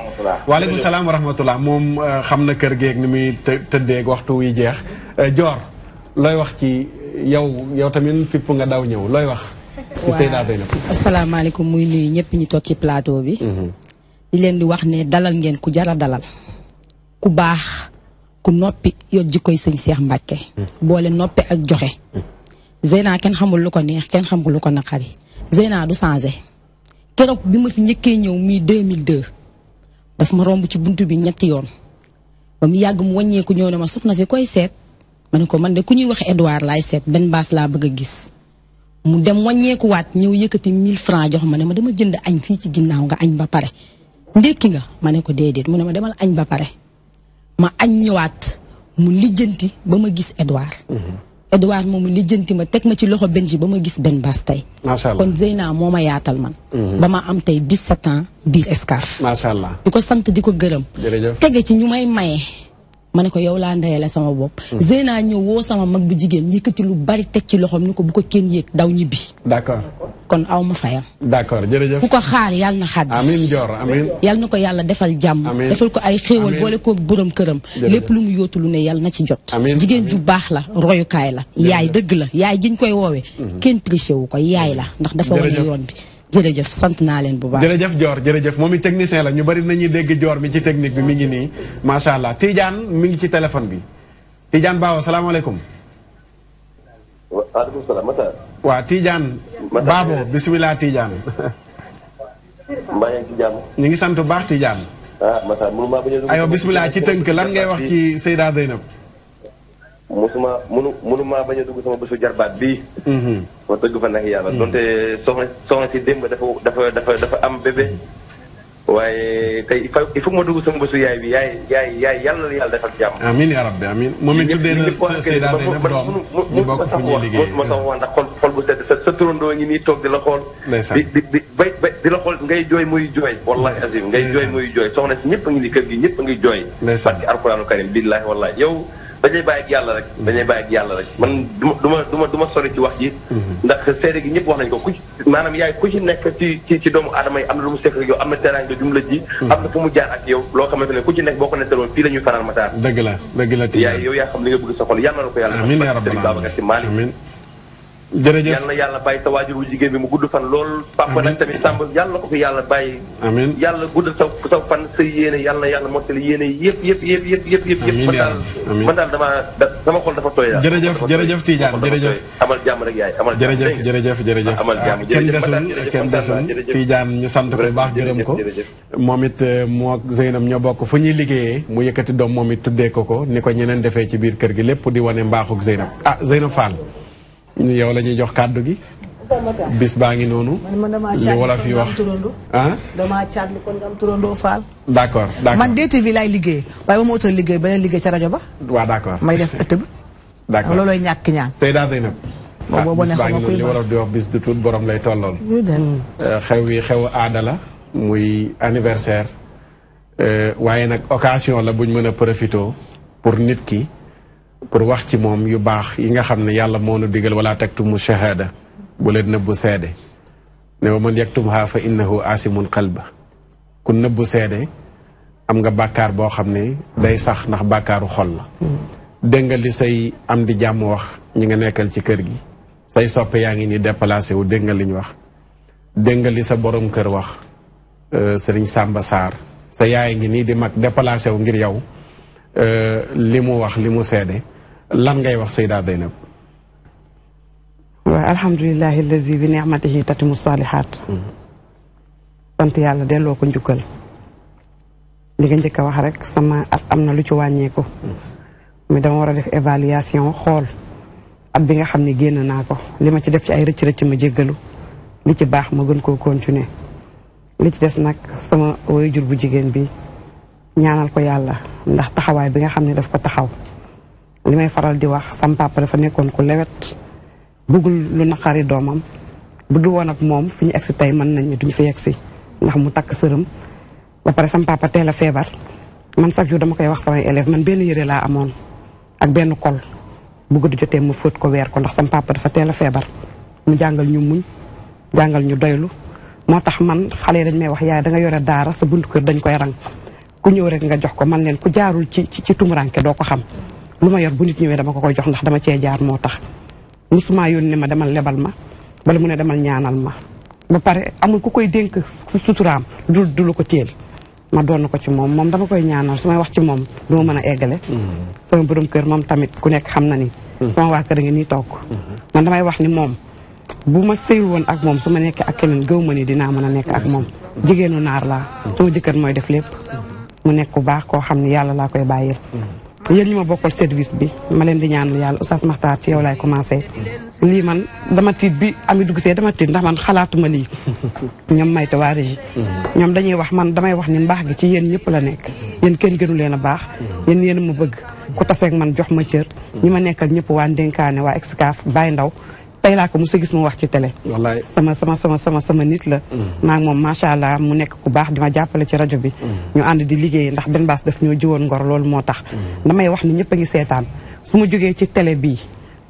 waaleykum salaam wa rahmatulah moom euh, xam na kër geeg ni muy tëddeeg waxtu wi jeex joor euh, looy wax ci yow yow tamit fipp nga daw ñëw looy wax ci Seyda Zeynab asalaamaaleykum muy nuyu ñëpp ñi toog ci plateau bi mhm. leen di wax ne dalal ngeen ku jara dalal ku baax ku noppi yor jikkoy sëñ Seex Mbàkke mhm. boole noppi ak joxe mhm. Zeyna kenn xamul lu ko neex kenn xamul lu ko naqari Zeyna du changé keroog bi ma fi njëkkee ñëw muy 2002 daf ma romb ci buntu bi ñetti yoon ba mu yàgg mu wàññeeku ñëw na ma soxna si koy seet ma ne ko man de ku ñuy wax Edouard laay seet benn baas laa bëgg a gis. mu dem wàññeekuwaat ñëw yëkkati 1000 francs jox ma ne ma dama jënd añ fii ci ginnaaw nga añ ba pare ndékki nga ma ne ko déedéet mu ne ma demal añ ba pare ma añ ñëwaat mu lijjanti ba ma gis Edouard. Mm-hmm. Edouard moom lijjanti ma teg ma ci loxo Benji ba ma gis benn baas tey. macha allah kon Zeyna moo ma yaatal man. Mhm. ba ma am tey 17 ans biir Escaf. macha allah di ko sant di ko gërëm. tege ci ñu may maye. ma ne ko yow laa ndeyale sama bopp. Hmm. Zeyna ñëw woo sama mag bu jigéen yëkkati lu bari teg ci loxoom ni ko bu ko kenn yéeg daw ñibbi. d'accord kon aw ma fayam. d'accord jërëjëf ku ko xaar yàlla na xàdd. amiin Dior amiin. na ko yàlla defal jàmm. defal ko ay xéewal boole kook borom këram. lépp lu mu yóotu lu ne yàlla na ci jot. jigéen ju baax la royukaay la. yaay dëgg la yaay jiñ koy woowee. Hmm. kenn triché wu ko yaay la ndax dafa wane yoon bi. jërëjëf sant naa leen bu baax jërëjëf joor jërëjëf moom i technicien la ñu bari nañu dégg joor mi ci technique bi mu ngi nii macha allah Tidiane mi ngi ci téléphone bi Tidiane Baawo salaamaaleykum. waa Tidiane. Matar Baabo bisimilah Tidiane. mbaa ngi ñu ngi sant bu baax Tidiane. ah Matar bisimilah ci tënk lan ngay wax ci Seyda Zeynab. musuma munu munuma bañ a dugg sama bésu jarbaat bii. wax mhm. dëgg fa nag yàlla mhm. donte soxna soxna si démb dafa dafa dafa dafa am bébé. waaye tey il faut il faut ma dugg sama bésu yaay bi yaay yaay yaay yàlla na yàlla defal jàmm. amiin yaa rabbi amiin moom it tuddee na Seyda Zeynab doom ñu bokk fu ñuy liggéey mosuma sax wax ndax xol xol bu sedd sa sa turandoo ngi nii toog di la xool. di di di bay bay di la xool ngay jooy muy jooy. wallahi azim ngay jooy muy jooy soxna si ñëpp a ngi ni kër gi ñëpp a ngi jooy. parce que alquraanu karim billaahi wallahi yow dañuy bàyyi ak yàlla rek dañuy bàyyi ak yàlla rek man du ma du ma sori ci wax ji mhm. ndax seede gi ñëpp wax nañ ko ku maanaam yaay ku ci nekk ci ci ci doomu aadama yi am na lu mu sekk ak yow am na teraanga ju mu ji mhm. am na fu mu jaar ak yow loo xamante ne ku ci nekk boo ko nettaloon fii la ñuy fanaan mataar dëgg la dëgg la yaay yow yaa xam li nga bëgg sa xol yàlla na ko yàlla amiin yaa rabbal aalamiin jërëjëf yàlla yàlla bàyyi sa waajur wu jigéen bi mu gudd fan lool. papa nag tamit sàmb yàlla ko fi yàlla bàyyi. amiin yàlla gudd sa sa fan sa yéene yàlla yàlla mottali yéene yëpp yëpp yëpp yëpp yëpp yëpp. amiin yàlla amiin man dafa tooy jërëjëf jërëjëf Tidiane jërëjëf amal jàmm rek yaay amal jàmm jërëjëf jërëjëf jërëjëf amal jàmm kenn desul kenn desul Tidiane ñu sant ko bu baax gërëm ko moom it euh, moo ak ñoo bokk fu ñuy liggéeye mu yëkkati doom moom it tuddee ko ko ni ko ñeneen defee ci biir kër gi lépp di wane mbaaxuk Zeynab ah Zeynab Fall yow la ñuy jox kàddu gi. bis baa ngi noonu. li wala fi wax ah. damaa caatlu kon d' accord d' accord man laay liggéey waaye ba ma utal liggéey ba leen liggéey ca rajo ba. waaw d' may def ëtt bi. d' accord loolooy ñàkk ñaan. Seyda Zeynab. boobu boo ah, neexoon ma kuy war bis du tuut borom lay tollool. Euh, xew wi xew aadala la. muy anniversaire. Euh, waaye nag occasion la buñ mën a profité pour nit ki. pour wax ci moom yu baax yi nga xam ne yàlla moo nu digal wala taktumu shahada bu leen nëbbu seede ne wa man yaktumha fa innahu asimun qalba ku nëbbu seede am nga bàkkaar boo xam ne day sax ndax bàkkaaru xol la dégg nga li say am di jàmm wax ñi nga nekkal ci kër gi say soppe yaa ngi ni déplacé wu dégg nga liñ wax dégg nga li sa borom kër wax euh, sëriñ sàmba saar sa yaay ngi nii di mag déplacé wu ngir yow Euh, li mu wax li mu seede lan ngay wax Sayda Zeynab waaw alhamdulilahi allazi bi ni'matihi tatimu saalihaat mm-hmm. sant yàlla delloo ko njukkal li nga njëkk a wax rek sama at am na lu ci wàññeeku mais mm-hmm. dama war a def évaluation xool at bi nga xam ni génn naa ko li ma ci def ci ay rëcc-rëcc ma jéggalu li ci baax ma gën koo continuer li ci des nag sama waajur bu jigéen bi ñaanal ko yàlla ndax taxawaay bi nga xam ne daf ko taxaw li may faral di wax sam papa dafa nekkoon ku lewet bëggul lu naqari doomam bu du woon ak moom fu ñu egsi tey mën nañ ne duñu fi egsi ndax mu takk sërëm ba pare sam papa teel a feebar man chaque jour dama koy wax samay élève man benn yëre laa amoon ak benn kol bu guddi jotee mu fóot ko weer ko ndax sam papa dafa teel a feebar mu jàngal ñu muñ jàngal ñu doylu moo tax man xale yi dañ may wax yaay danga nga yore daara sa buntu kër dañ koy rang ku ñëw rek nga jox ko man leen ku jaarul ci ci tumuranke doo ko xam lu ma yor bu nit ñëwee dama ko koy jox ndax dama cee jaar moo tax musuma yónni ma demal lebal ma wala mu ne demal ñaanal ma ba pare amul ku koy dénk suturaam du du lu ko téel ma doon ko ci moom moom dama koy ñaanal su wax ci moom du ma mën a eggale mm-hmm. sama moom tamit ku nekk xam na ni mm-hmm. sama waa kër a ngi nii toog mm-hmm. man damay wax ni moom bu ma sëyul woon ak moom su ma nekkee ak keneen gëw ma ni dinaa mën a nekk ak moom jigéenu naar laa sama jëkkër mooy def lépp mu nekk ku baax koo xam ne yàlla laa koy bàyyil mm-hmm. yéen ñu ma bokkal service bi ma leen di ñaanal yàlla Oustaz Makhtar ci yow lay commencé lii man dama tiit bi am ami dugg see dama tiit ndax man xalaatuma lii mm-hmm. ñoom may te waa régie mm-hmm. ñoom dañuy wax man damay wax ni mbaax gi ci yéen ñëpp la nekk yéen kenn gënu leen a baax yéen yéen a ma bëgg ku taseeg man jox ma cër ñi ma nekkal ñëpp waa ndénkaane waa Excaf Baye Ndaw tey laa ko mos a gis mu wax ci télé. sama sama sama nit la. Mm. maa ngi moom macha allah mu nekk ku baax dima jàppale ci rajo bi. Mm. ñu ànd di liggéey ndax benn baas daf ñoo jiwoon ngor loolu moo tax. Mm. damay wax ni ñëpp a ngi seetaan su ma jógee ci télé bi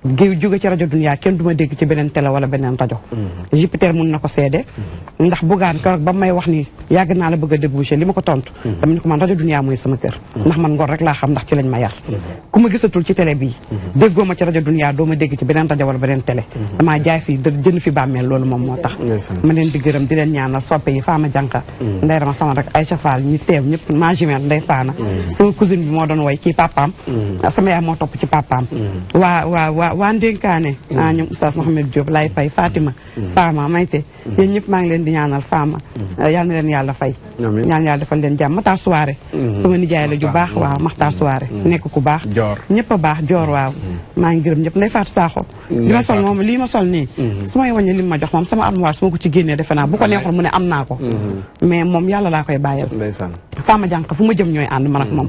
géew jóge ci rajo Dunia kenn du ma dégg ci beneen télé wala beneen rajo. Mm-hmm. Jupiter mun na ko seede. Mm-hmm. ndax bugaan keroog ba may wax ni yàgg naa la bëgg a débouché li ma ko tontu. Mm-hmm. dama ne ko man rajo Dunia mooy sama kër. ndax man ngor rek laa xam ndax ci lañ ma yar. ku ma gisatul ci télé bii. déggoo ma ci rajo Dunia doo ma dégg ci beneen rajo wala beneen télé. damaa jaay fii jënd fi bàmmeel loolu moom moo tax. ma leen di gërëm di leen ñaanal soppe yi Fama Janka. ndey Rama sama rek Aïcha Fall ñi teew ñëpp maa jumel ndey Faana. sama cousine bi moo doon way kii papaam. sama moo topp ci papaam. waa Ndénkaane mm. ah ñoom Oustaz Mouhamed Diop lay fay Fatima mm. Fama Mayte mm. yéen ñëpp maa ngi leen di ñaanal Fama ah, yal leen yàlla fay ñaan yàlla defal leen jàmm Matar Souare sama nijaay la ju baax waaw Matar Souare nekk ku baax ñëpp a baax joor waaw maa ngi gërëm ñëpp nday Fatou Sakho li ma sol moom lii ma sol nii su may wàññi li ma jox moom sama armoire su ma ko ci génnee defe naa bu ko neexoon mu ne am naa ko mm-hmm. mais moom yàlla laa koy bàyyal Fama jànq fu ma jëm ñooy ànd man ak moom